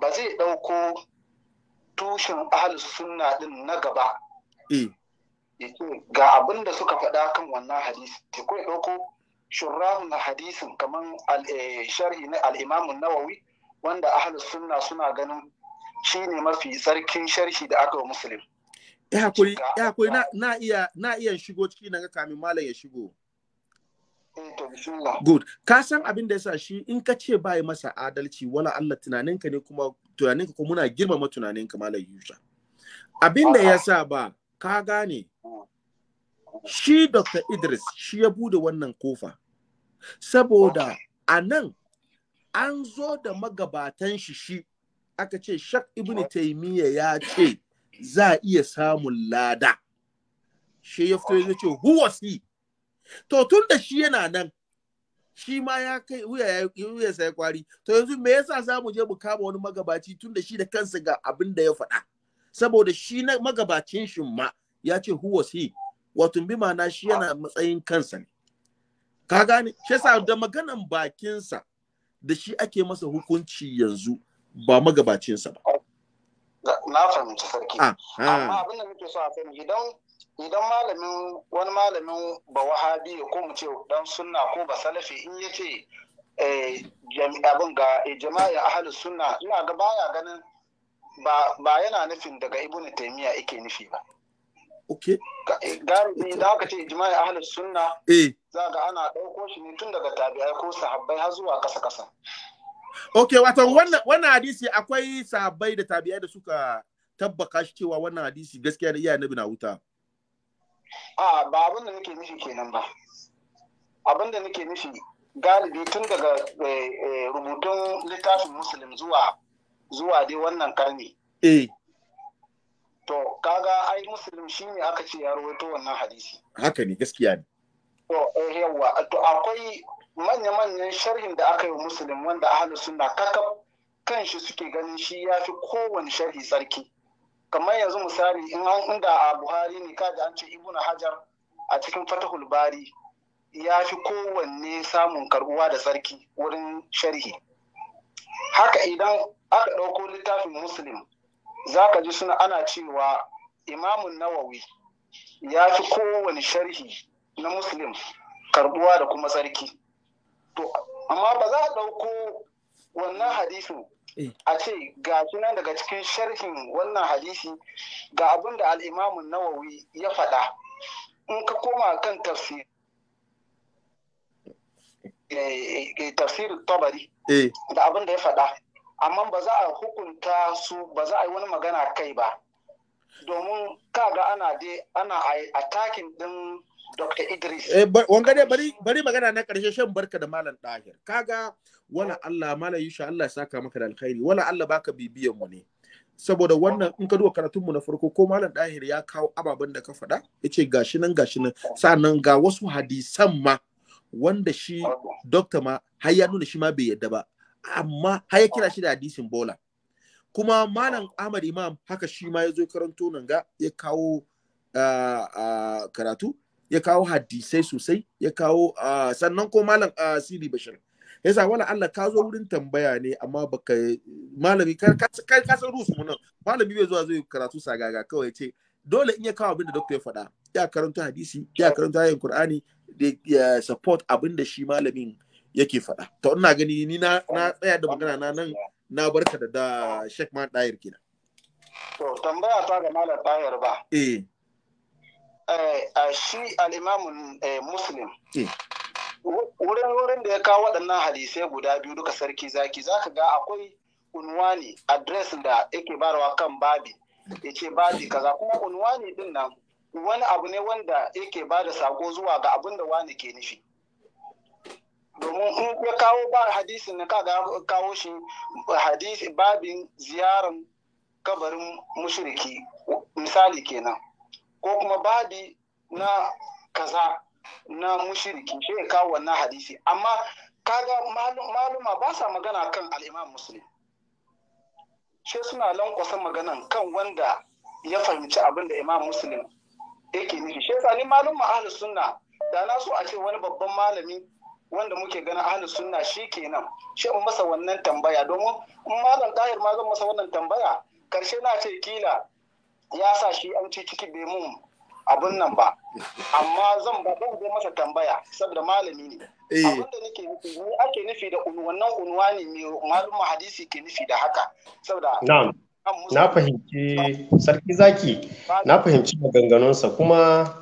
ba zai ɗauko tushen ahlus sunna ɗin na gaba. ga abin da suka faɗa kan wannan hadisi ko kuwa ɗauko shurrahun hadisin kamar sharhi na al'imamun nawawi wanda ahalus sunna suna ganin shi ne mafi tsarkin sharhi da aka wa musulun. Ya hakuri na shigo ciki na ga kamin malam ya shigo. Good. Ka san abin da yasa shi in ka ce bai masa adalci wala Allah tunaninka ne kuma tunaninka kuma muna girmama tunaninka malam Yusha. Abin da yasa ba ka gane shi dr idris shi ya bude wannan kofa saboda a nan an zo da magabatan shi shi aka ce shak ibn taimiyya ya ce za iya samun lada shi ya fito ya ce was he?" to tun da shi yana nan shi ma ya kai wuya sai kwari to yanzu me yasa za mu je mu kama wani magabaci tun da shi da kansa ga abin da ya faɗa saboda shi na magabacin shi ma ya ce was he?" wato bi ma'ana shi yana matsayin kansa ne ka gane shi yasa da maganan bakinsa da shi ake masa hukunci yanzu ba magabacinsa ba na fahimci sarki ah, ah. amma abin da nake so a sani idan idan malamin wani malamin ba wahabi ko mu ce dan sunna ko ba salafi in ya ce eh, abin ga eh, jama'a ahalus sunna ina ga baya ganin ba yana nufin daga ibnu taymiya yake nufi ba ok eh, galibi da aka ce jima'i ahlus sunna eh za ga ana ɗauko shi ne tun daga tabi'ai ko sahabbai har zuwa kasa kasa ok wato wannan wannan hadisi akwai sahabbai da tabi'ai da suka tabbaka shi cewa wannan hadisi gaskiya da iya nabi na wuta a ba abin da nake nufi kenan ba abin da nake nufi galibi tun daga eh, eh, rubutun littafin musulun zuwa zuwa dai wannan karni to kaga ai musulun shi ne aka ce ya rawaito wannan hadisi haka ne gaskiya ne to eh, yawa to akwai manya-manyan sharhin da aka yi musulun wanda ahlu sunna kakaf kan shi suke ganin shi ya fi kowane sharhi tsarki kamar yanzu misali in an inda a buhari ne kada an ce ibn hajar a cikin fatahul bari ya fi kowanne samun karbuwa da tsarki wurin sharhi haka idan aka ɗauko littafin muslim za ka ji suna ana cewa imamun nawawi ya fi kowane sharhi na muslim karbuwa da kuma tsarki to amma ba za a ɗauko wannan hadisu eh. a ce ga nan daga cikin sharhin wannan hadisi ga abin da al'imamun nawawi ya faɗa in ka koma kan tafsir eh, eh, tafsir tabari da abin da ya faɗa amma ba za a hukunta su ba za a yi wani magana kai ba domin kaga ana dai ana a takin din Dr. Idris. Eh, wanga dai bari bari magana na karshe shan barka da malam Dahir. Kaga wala Allah malam Yusha Allah ya saka maka da alkhairi wala Allah baka bibiyan mu ne. Saboda wannan in ka duba karatunmu na farko ko malam Dahir ya kawo ababen da ka faɗa yace gashi nan gashi nan sa'annan ga wasu hadisan ma wanda shi Dr. ma har ya nuna shi ma bai yadda ba amma har ya kira shi da hadisin bola kuma malam ahmad imam haka shi ma ya zo karanto nan ga ya kawo karatu ya kawo hadisai sosai ya kawo sannan ko malam sidi bashir yasa wala Allah ka zo wurin tambaya ne amma baka malami ka ka san rusu mun nan malami bai zuwa zai karatu sagaga kawai ce dole in ya kawo abin da doctor ya faɗa ya karanta hadisi ya karanta ayin Qur'ani da support abinda shi malamin yake faɗa to ina gani ni na tsaya da magana na nan na barka da da Sheikh ma Dayar kenan to tambaya ta ga Malam Dayar ba eh eh shi al-Imam eh, Muslim eh wurin wurin da ya kawo waɗannan hadisai guda biyu duka sarki zaki zaka ga akwai unwani address da yake barawa kan babi ya ce babi kaza kuma unwani din nan wani abu ne wanda yake ba da sako zuwa ga abin da wani ke nufi domin in ya kawo ba hadisin na kaga kawo shi hadisi babin ziyaran kabarin mushriki misali kenan ko kuma babi na kaza na mushriki shi ya kawo wannan hadisi amma kaga maluma ba sa magana kan al'imam muslim shi suna lankwasa magana kan wanda ya fahimci abin da imam muslim yake nufi shi ya sani maluma ahlus sunna da na so a ce wani babban malami wanda muke ganin ahli sunna shi kenan shi in masa wannan tambaya domin in malam tahir ma zan masa wannan tambaya karshe na ce kila ya sa shi an ci ciki bai mun abun nan ba amma zan ba zan masa tambaya saboda malami ne eh. abinda nake nufi ni ake nufi da wannan unwa ne mai malumin hadisi ke nufi da haka saboda na fahimci sarki zaki na fahimci maganganunsa kuma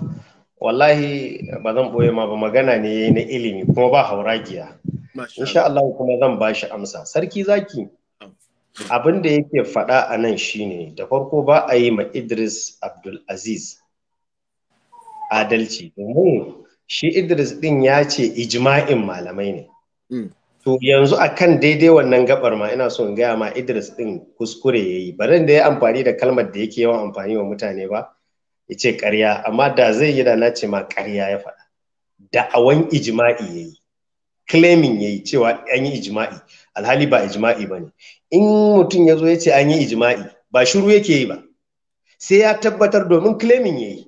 wallahi ba zan boye ma ba magana ne na ilimi kuma ba hauragiya insha Allah kuma zan ba shi amsa sarki zaki abin da yake faɗa a nan shine da farko ba a yi ma Idris Abdul Aziz adalci domin shi Idris din ya ce ijma'in malamai ne mm. to yanzu akan daidai wannan gabar ma ina so in gaya ma Idris din kuskure yayi barin da ya amfani da kalmar da yake yawan amfani wa mutane ba yace ce ƙarya amma da zai yi da na ce ma ƙarya ya faɗa da'awan ijma'i ya yi claiming ya yi cewa an yi ijma'i alhali ba ijima'i ba ne in mutum ya zo ya ce an yi ijima'i, ba shiru yake yi ba sai ya tabbatar domin claiming ya yi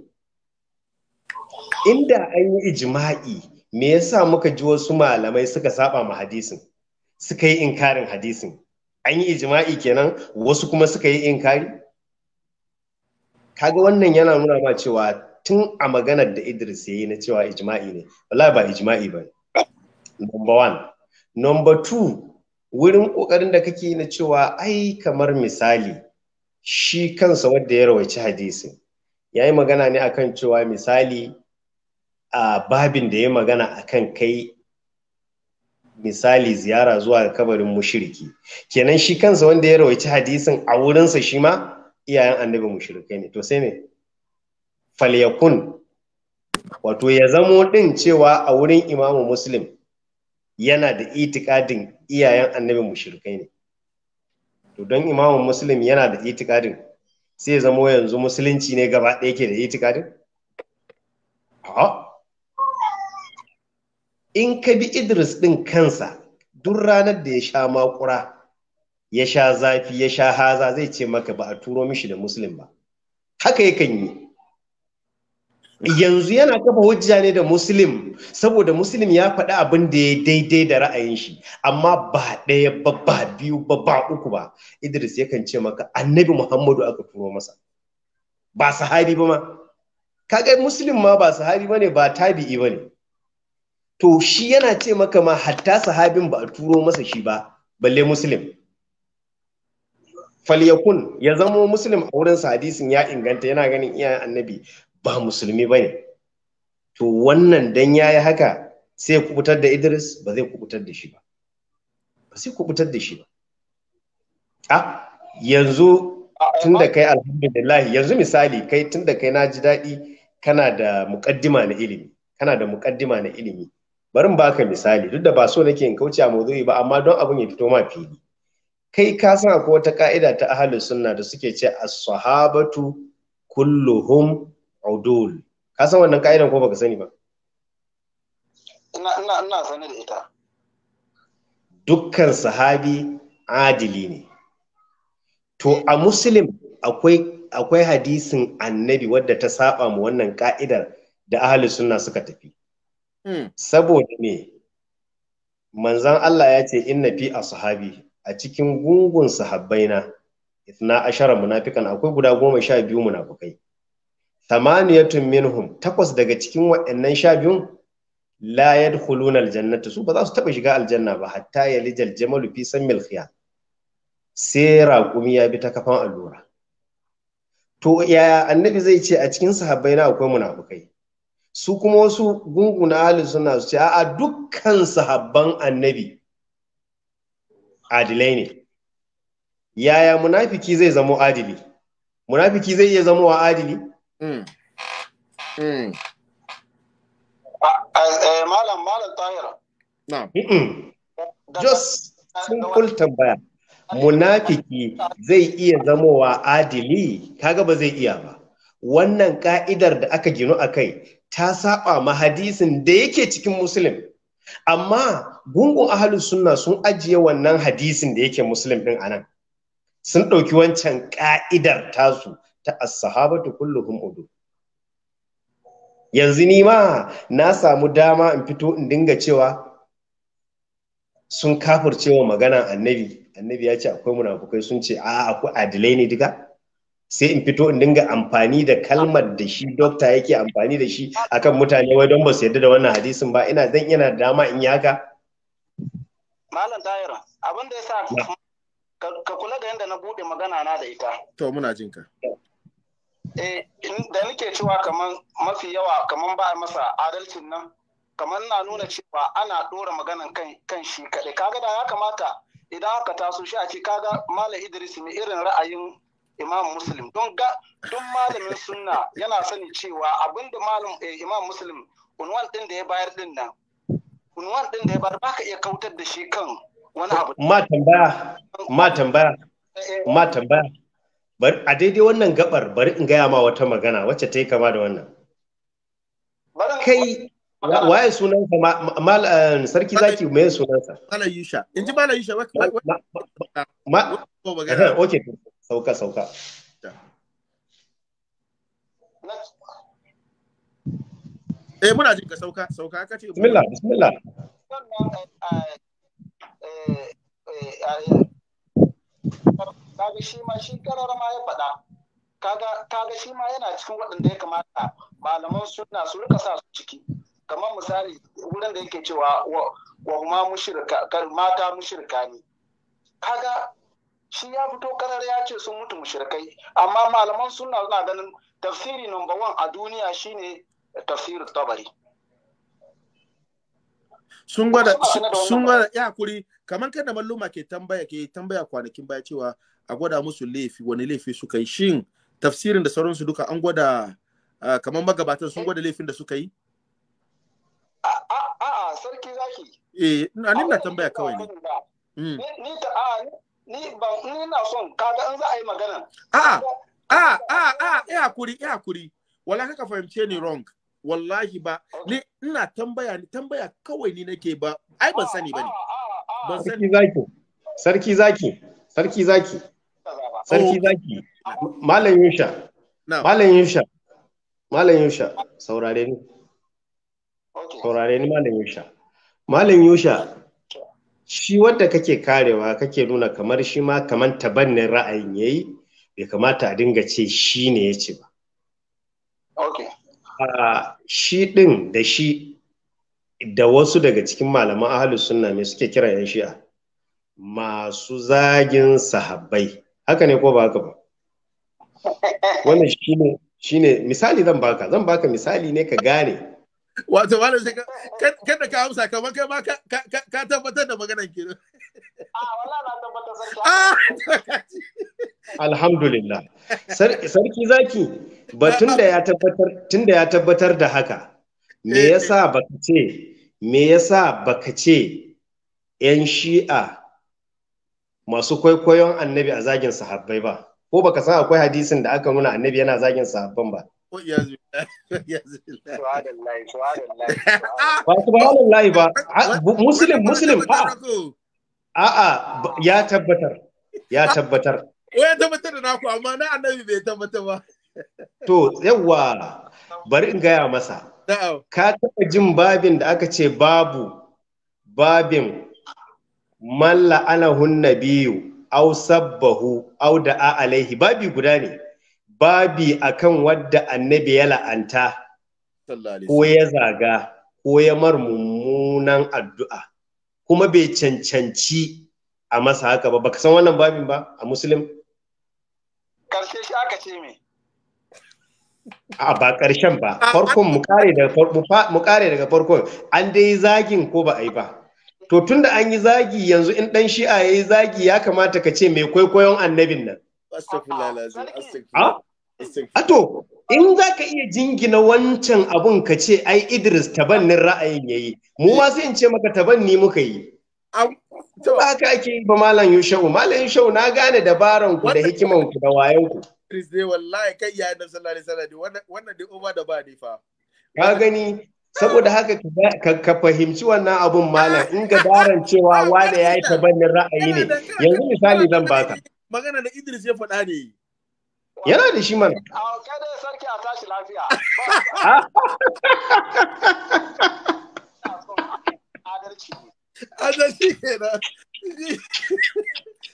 inda an yi ijma'i me yasa muka ji wasu malamai suka saba ma hadisin suka yi inkarin hadisin an yi ijima'i kenan wasu kuma suka yi inkari kaga wannan yana nuna ma cewa tun a maganar da Idris yayi na cewa ijma'i ne wallahi ba ijma'i ba number one number two wurin kokarin da kake na cewa ai kamar misali shi kansa wanda ya rawaici hadisin yayi magana ne akan cewa misali a babin da ya magana akan kai misali ziyara zuwa kabarin mushiriki kenan shi kansa wanda ya rawaici hadisin a wurinsa shi ma iyayen annabi mushrikai ne to sai me falyakun wato ya zamo din cewa a wurin imamu muslim yana da itikadin iyayen annabi mushrikai ne to don imamu muslim yana da itikadin sai ya zamo yanzu musulunci ne gaba ɗaya ke da itikadin in ka bi idris din kansa duk ranar da ya sha makura ya sha zafi ya sha haza zai ce maka ba a turo mishi da muslim ba haka yakan yi yanzu yana kafa hujja ne da muslim saboda muslim ya faɗi abin da ya daidai da ra'ayin shi amma ba ɗaya ba ba biyu ba ba uku ba idris yakan ce maka annabi muhammadu aka turo masa ba sahabi ba ma kaga muslim ma ba sahabi ba ne ba tabi'i ba ne to shi yana ce maka ma hatta sahabin ba a turo masa shi ba balle muslim falyakun ya zamo muslim a wurin hadisin ya inganta yana ganin iyayen annabi ba musulmi ba ne to wannan dan ya yi haka sai kubutar da idris ba zai kubutar da shi ba ba sai kubutar da shi ba a yanzu tun da kai alhamdulillah yanzu misali kai tun da kai na ji daɗi kana da mukaddima na ilimi kana da muƙaddima na ilimi barin baka misali duk da ba so nake in kauce a ba amma don abin ya fito ma fili kai ka san akwai wata ka'ida ta ahlus sunna da suke ce as-sahabatu kulluhum udul ka san wannan ka'idan ko baka sani ba ina ina sani da ita dukkan sahabi adili ne to a muslim akwai akwai hadisin annabi wadda ta saba mu wannan ka'idar da ahlus sunna suka tafi hmm. saboda me manzan Allah ya ce inna fi ashabi a cikin gungun sahabbai na ithna ashara munafikan akwai guda goma sha biyu munafukai thamaniyatun minhum takwas daga cikin wa'annan sha biyun la yadkhuluna aljannata su ba za su taba shiga aljanna ba hatta yalijal Jamalu fi sammil khiyat sai raƙumi ya bi ta kafan allura to yaya annabi zai ce a cikin sahabbaina akwai munafukai su kuma wasu gunguna ahli sunna su ce a'a dukkan sahabban annabi adilai ne yaya munafiki zai zamo adili munafiki zai iya zamowa adili hmm. Hmm. Eh, malam malam tahira just simple tambaya munafiki zai iya zamowa adili kaga ba zai iya ba wannan ka'idar da aka ginu a kai ta saba ma hadisin da yake cikin musulun amma gungun ahalus sunna sun ajiye wannan hadisin da yake muslim ɗin anan sun ɗauki wancan ƙa'idar tasu ta as-sahabatu kulluhum udu yanzu ni ma na samu dama in fito in dinga cewa sun kafircewa maganan annabi annabi ya ce akwai munafukai sun ce a akwai adilai ne duka sai in fito in dinga amfani da kalmar da shi dokta yake amfani da shi akan mutane wai don ba su yarda da wannan hadisin ba ina zan yana dama in yi haka malam tayira abin da yasa ka kula ga yadda na bude magana na da ita to muna jin ka eh da nake cewa kaman mafi yawa kaman ba masa adalcin nan kaman na nuna cewa ana dora maganan kan kan shi kaɗai kaga da ya kamata idan aka taso shi a ce kaga malam Idris ne irin ra'ayin imam muslim don ga don malamin sunna yana sani cewa abinda malam eh, imam muslim unwan din da ya bayar din nan unwan din da ya bayar baka iya kautar da shi kan wani abu ma tambaya ma tambaya eh, eh. ma tambaya bari a daidai wannan gabar bari in gaya ma wata magana wacce ta yi kama da wannan kai waye sunansa mal sarki zaki mai sunansa yusha yusha ma sauka sauka eh muna jin ka sauka sauka ka ce bismillah bismillah kaga shi ma shi karar ma ya faɗa kaga shi ma yana cikin waɗanda ya kamata malaman suna su rika sa su ciki kamar misali wurin da yake cewa wa ma mushirka mata mushirka ne kaga shi ya fito karar ya ce sun mutu mushrikai amma malaman sunna suna ganin tafsiri number one a duniya shine tafsiri tabari sun gwada sun gwada ya kuri kamar kada malluma ke tambaya ke tambaya kwanakin baya cewa a gwada musu laifi wani laifi suka yi shin tafsirin da sauransu duka an gwada ah, kamar magabatan sun gwada laifin da suka yi a'a sarki zaki eh ina tambaya kawai ne hmm. ni ta ni ba ni na son kaga in za a yi magana a ah, a ah, a ah, a eh hakuri eh hakuri wallahi kaka fahimce ni wrong wallahi ba ni ina tambaya ni tambaya kawai ni nake ba ai ban sani bane ban sani zaki sarki zaki sarki zaki sarki oh. zaki malam yusha malam yusha malam yusha saurare ni saurare ni malam yusha malam yusha shi wanda kake karewa kake nuna kamar shi ma kamar tabannin ra'ayin ya yi bai kamata a dinga ce shi ne ya ce ba shi ɗin da shi da wasu daga cikin malaman ahalu suna mai suke kira yan shi'a masu zagin sahabbai haka ne ko ba haka ba wannan shi ne misali zan baka zan baka misali ne ka gane wato malam sai kada ka amsa kamar kai ma ka tabbatar da maganar ke. sarki ah, ah, alhamdulillah sarki zaki tun da tabbatar ya tabbatar da haka me eh. yasa baka ce me yasa baka ce yan shi'a masu kwaikwayon annabi a zagin sahabbai ba ko baka san akwai hadisin da aka nuna annabi yana zagin sahabban ba Wa iyazu billahi. Ba subhanallahi ba. Ah, Muslim Muslim ah. A'a ya tabbatar. Ya tabbatar. Ya tabbatar da naku amma na annabi bai tabbatar ba. To yawwa bari in gaya masa. Ka taɓa jin babin da aka ce babu babin malla ana hunna biyu au sabbahu au da'a alaihi babi guda ne. babi akan wadda annabi ya la'anta ko ya zaga ko ya mar mummunan addu'a kuma bai cancanci a masa haka ba baka san wannan babin ba a muslim karshe shi aka ce me a ba karshen ba farkon mu kare daga farkon an dai zagin ko ba a yi ba to tun da an yi zagi yanzu in dan shi'a ya yi zagi ya kamata ka ce mai kwaikwayon annabin nan Ato, in za ka iya jingina wancan abun ka ce ai Idris tabannin ra'ayin ya yi, mu ma sai in ce maka tabanni muka yi. ba ka ake yi ba Malam Yushau, Malam Yushau na gane dabaran ku da hikiman ku da wayan ku. Idris dai wallahi kai ya da sallallahu alaihi wannan dai uba da ba ni fa. Ka gani saboda haka ka fahimci wannan abun malam in ga daren cewa wane ya yi tabannin ra'ayi ne yanzu misali zan baka magana da Idris ya faɗa ne yana da shi mana kada sarki a tashi lafiya adalci adalci isha.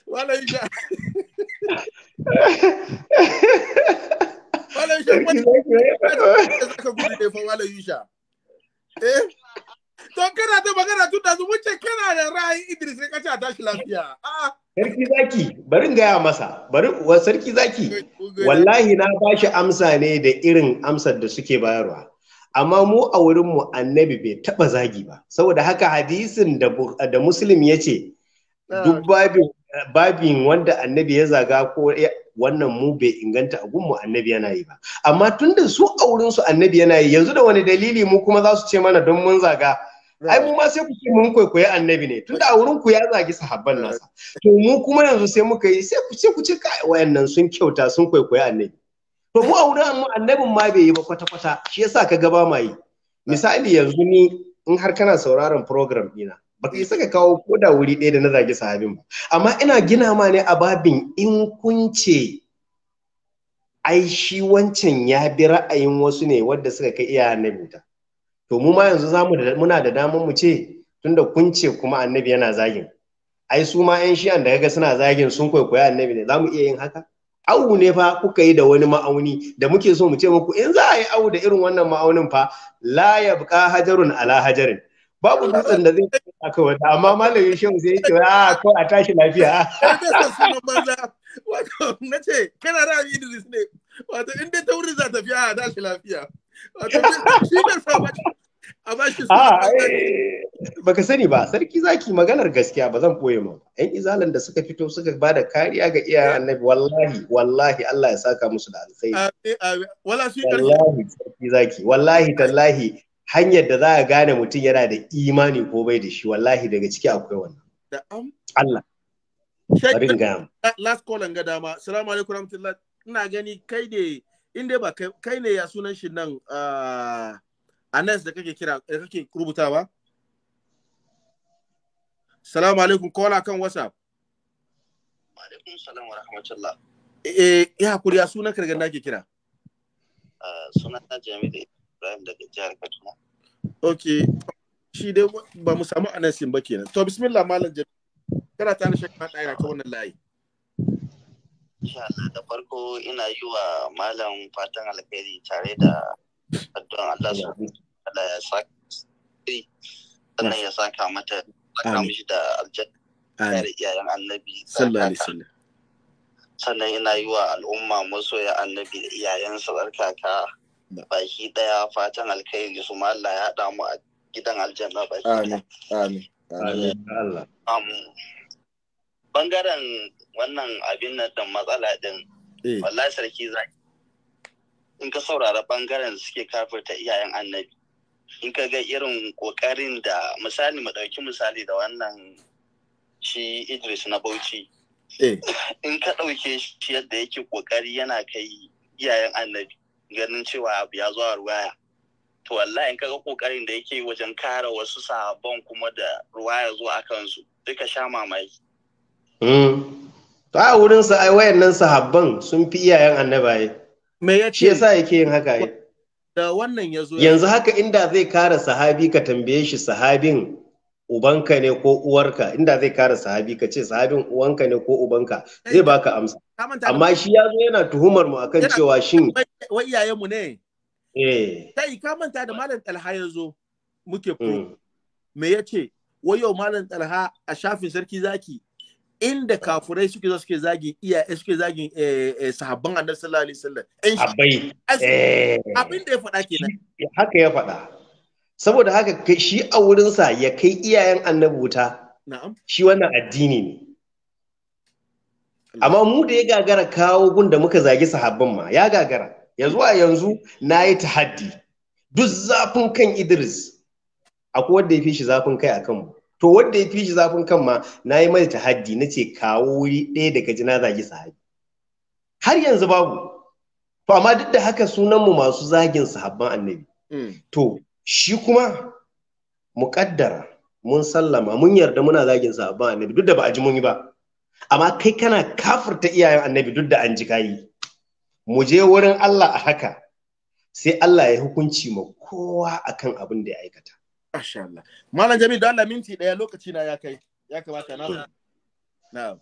Wala isha. Wala isha. Wala zaka Wala ne Wala isha. Wala isha. Don kana ta magana tun da su wuce kana da ra'ayin Idris sai kace a tashi lafiya. Ah, ah. Sarki zaki barin gaya masa bari sarki zaki wallahi na bashi amsa ne da irin amsar da suke bayarwa. Amma mu a wurin mu annabi bai taba zagi ba saboda haka hadisin da da Muslim yace ah. duk babin wanda annabi ya zaga ko wannan mu bai inganta a gunmu annabi yana yi ba amma tunda su a wurin su annabi yana yi yanzu da wani dalili mu kuma za su ce mana don mun zaga ai mu ma sai ku ce mun kwaikwayi annabi ne tunda a wurin ku ya zagi sahabban nasa to mu kuma yanzu sai muka yi sai ku ce ku ce kai wayannan sun kyauta sun kwaikwayi annabi to mu a wurin mu annabin ma bai yi ba kwata kwata shi yasa ka gaba ma yi misali yanzu ni in har kana sauraron program dina baka isa ka kawo ko da wuri ɗaya da na zagi sahabin ba amma ina gina ma ne a babin in kun ce ai shi wancan ya bi ra'ayin wasu ne wadda suka kai iya annabi ta to mu ma yanzu za muna da damar mu ce tunda kun ce kuma annabi yana zagin ai su ma yan shi'an da kaga suna zagin sun kwaikwaya annabi ne za mu iya yin haka awu ne fa kuka yi da wani ma'auni da muke so mu ce muku in za a yi awu da irin wannan ma'aunin fa la yabqa hajarun ala hajarin babu dutsen da zai kai aka wata amma malamin shehu sai yake a ah, ko a tashi lafiya wato na ce kana da Idris ne wato in dai ta wuri za ta fi ah, a tashi lafiya ba ah, eh, baka sani ba sarki zaki maganar gaskiya ba zan koye ma yan izalan da suka fito suka ba da kariya ga iyayen annabi wallahi wallahi Allah ya saka musu da alkhairi wallahi sarki zaki wallahi tallahi hanyar da za a gane mutum yana da imani ko bai da shi wallahi daga ciki akwai wannan Allah last call an ga dama assalamu alaikum ina gani kai da in dai ba kai ne ya sunan shi nan anas da kake kira da kake ba salamu alaikum kola kan whatsapp alaikum salam wa rahmatullah eh ya hakuri ya sunan kargan da ke kira sunan na da ibrahim daga jihar kaduna ok shi dai ba mu samu anasin ba kenan to bismillah malam jami'a kana tare shakka da ira ka wannan layi da farko ina yi wa malam fatan alkhairi tare da addu'an Allah su Allah ya saka sannan ya saka mata kamshi mishi da aljanna da iyayen annabi sallallahu alaihi wasallam sannan ina yi wa al'umma ya annabi da iyayen sarkaka baki daya fatan alkhairi su ma Allah ya hada mu a gidan aljanna baki amin amin amin Allah bangaren wannan abin nan din matsala din eh. wallahi sarki zaki in ka saurara bangaren suke kafirta iyayen annabi in ka ga irin kokarin da misali mu dauki misali da wannan shi idris na bauchi eh. in ka ɗauke shi yadda yake kokari yana kai iyayen annabi ganin cewa abu ya zuwa ruwaya to wallahi in ka ga kokarin da yake wajen kare wasu sabon kuma da ruwaya zuwa akan su duka sha mamaki hmm. to a wurin sa ai wayannan sahabban sun fi iyayen annabaye me ya ce yasa yake yin haka ai da wannan yazo yanzu haka inda zai kare sahabi ka tambaye shi sahabin ubanka ne ko uwarka inda zai kare sahabi ka ce sahabin uwanka ne ko ubanka zai eh, baka amsa amma shi ya zo yana tuhumar mu akan cewa shin wai iyayen mu ne eh sai ka manta da malam talha ya zo muke pro mm. me yace wai yau malam talha a shafin sarki zaki inda kafurai suke zo suke zagin iya eh, suke zagin eh, eh, sahabban annabi sallallahu alaihi wasallam abai abin da ya faɗa kenan haka ya faɗa saboda haka shi a wurinsa ya kai iyayen annabi wuta na'am shi wannan addini ne amma mu da ya gagara kawo gun da muka zagi sahabban ma ya gagara Yanzu a yanzu na yi tahaddi duk zafin kan Idris akwai wanda ya fi shi zafin kai akan mu to wanda ya fi zafin kan ma na yi mai tahaddi na ce kawo wuri ɗaya daga jinaza na sahabi har yanzu babu to amma duk da haka sunanmu masu zagin sahabban annabi hmm. to shi kuma muƙaddara mun sallama mun yarda muna zagin sahabban annabi duk da ba a ji mun yi ba amma kai kana kafirta iyayen annabi duk da an ji kayi mu je wurin Allah a haka sai Allah ya hukunci ma kowa akan abin da ya aikata Masha Allah. Malam Jamilu don Allah minti ɗaya lokaci na ya kai. Ya kamata na. Mm. Na'am.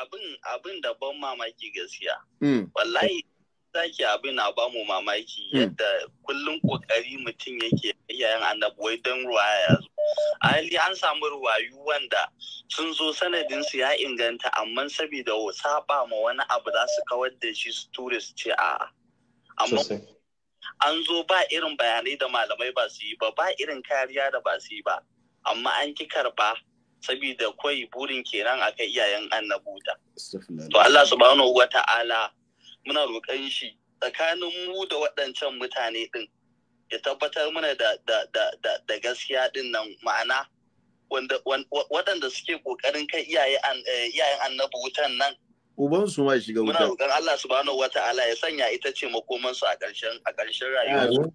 abin abin da ban mamaki gaskiya. Mm. Wallahi ki abin na ba mu mamaki mm. yadda kullum kokari mutum yake iyayen annabi wai don ruwa ya zo. Ali an samu ruwayu wanda sun zo sanadinsu ya inganta amma saboda saba ma wani abu za su kawar da shi su ture su ce a'a. Amma an zo ba irin bayanai da malamai ba su yi ba ba irin kariya da ba su yi ba amma an ki karba saboda kwai burin kenan aka iyayen annabuta to Allah subhanahu wa ta'ala muna roƙon shi tsakanin mu da waɗancan mutane din ya tabbatar mana da da gaskiya din nan ma'ana wanda waɗanda suke ƙoƙarin kai eh, iyayen annabutan nan uban su ma shiga wuta muna roƙar Allah subhanahu wata'ala ya sanya ita ce makoman su a ƙarshen a ƙarshen rayuwa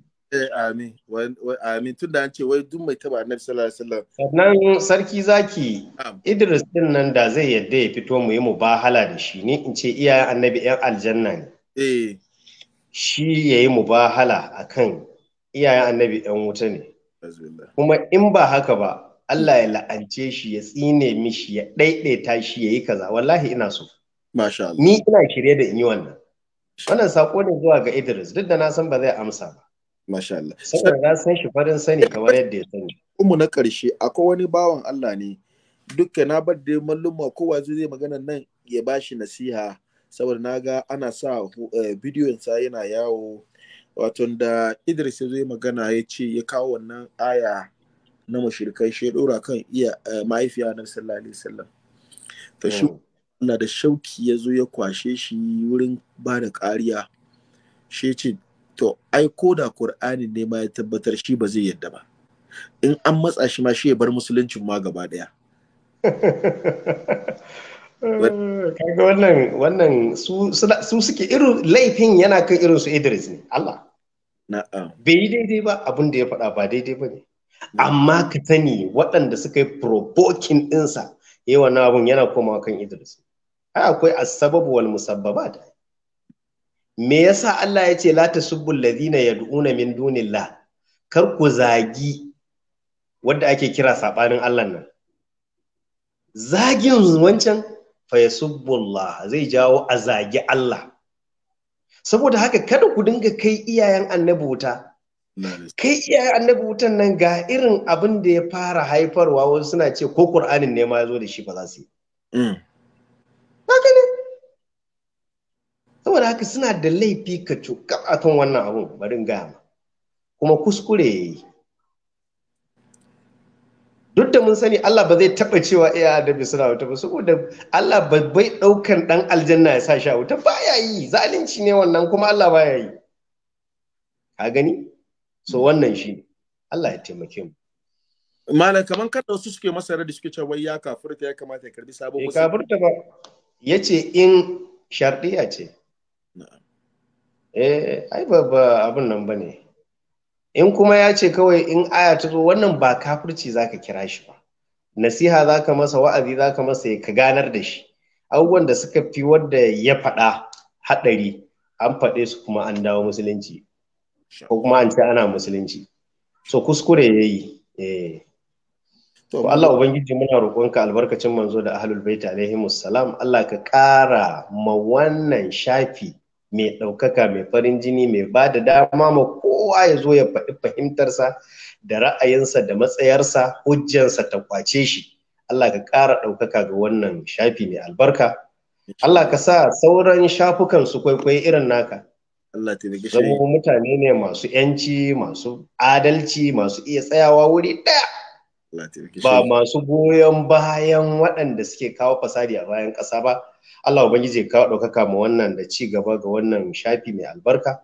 amin eh, amin tunda an ce wai duk mai taba annabi sallallahu alaihi wasallam sannan sarki zaki Idris din nan da zai yadda ya fito mu yi mubahala da shi ni in ce iyayen annabi yan aljanna ne eh shi yayi mubahala akan iyayen annabi ɗan wuta ne kuma in ba haka ba Allah ya la'ance shi ya tsine mishi ya ɗaiɗaita shi ya yi kaza wallahi ina so Masha Ni ina shirye da in yi wannan. Wannan sako ne zuwa ga Idris duk da na san ba zai amsa ba. Masha Allah. Saboda na san shi farin sani kamar yadda ya sani. Umu na ƙarshe akwai wani bawan Allah ne dukka na bar da malluma kowa zai magana nan ya bashi nasiha saboda na ga ana sa eh, bidiyon sa yana yawo wato da Idris ya zai magana ya ce ya kawo wannan aya na mashirkai shi ya dora kan iya eh, mahaifiya na sallallahu alaihi wasallam. To shi hmm. na da shauki ya zo ya kwashe shi wurin ba da kariya shi ce to ai ko da Qur'ani ne ma ya tabbatar shi ba zai yadda ba in an matsa shi ma shi ya bar musuluncin ma gaba daya kaga wannan wannan su suke irin laifin yana kan irin su Idris ne Allah bai yi daidai ba abin da ya faɗa ba daidai ba ne amma ka sani waɗanda suka yi provoking ɗinsa yawan abun yana komawa kan Idris ai akwai asbab wal musabbabat me yasa Allah ya ce la tasubbul ladina yad'una min dunillah kar ku zagi wanda ake kira sabanin Allah nan zagin wancan fa yasubbullah zai jawo a zagi Allah saboda haka kada ku dinga kai iyayen annabi wuta kai iyayen annabi wutan nan ga irin abin da ya fara haifarwa wasu suna ce ko qur'anin ne ma ya da shi ba za su yi mm. haka ne saboda haka suna da laifi ka cukab a kan wannan abun barin gama kuma kuskure ya yi duk da mun sani Allah ba zai taɓa cewa iya eh, adabi suna wuta ba saboda Allah ba bai ɗaukan ɗan aljanna ya sa shi a wuta ba ya yi zalunci ne wannan kuma Allah ba ya yi ka gani so wannan shi Allah ya taimake mu malam kamar kada wasu suke masa da suke cewa ya kafirta ya kamata ya karbi sabon wasu kafirta ba ya ce in shari'a ce eh ai ba abin nan ba ne in kuma ya ce kawai in aya ta zo wannan ba kafirci za ka kira shi ba nasiha za ka masa wa'azi za ka masa ka ganar da shi abubuwan da suka fi wadda ya faɗa haɗari an faɗe su kuma an dawo musulunci ko kuma an ce ana musulunci so kuskure ya yi eh To Allah Ubangiji muna roƙonka albarkacin manzo da ahlul bait alaihi salam Allah ka ƙara ma wannan shafi mai ɗaukaka mai farin jini mai ba da dama ma kowa ya zo ya faɗi fahimtarsa da ra'ayinsa da matsayarsa hujjansa ta kwace shi Allah ka ƙara ɗaukaka ga wannan shafi mai albarka Allah ka sa sauran shafukan su kwaikwayi irin naka Allah mutane ne masu 'yanci masu adalci masu iya tsayawa wuri ɗaya ba masu goyon bayan waɗanda suke kawo fasadi a bayan ƙasa ba Allah ubangiji kawo ɗaukaka ma wannan da ci gaba ga wannan shafi mai albarka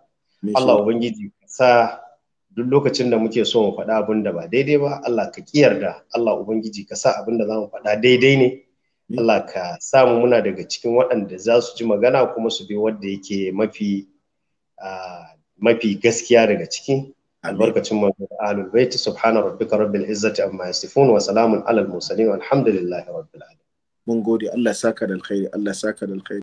Allah ubangiji sa duk lokacin da muke so mu faɗa abin da ba daidai ba Allah ka kiyarda Allah ubangiji ka sa abin da za mu faɗa daidai ne Allah ka samu muna daga cikin waɗanda za su ji magana kuma su bi wanda yake mafi ah, mafi gaskiya daga ciki albarkacin manzon ahlul baiti subhana rabbika rabbil izzati amma yasifun wa salamun alal mursalin walhamdulillahi rabbil alamin mun gode Allah saka da alkhairi Allah saka da alkhairi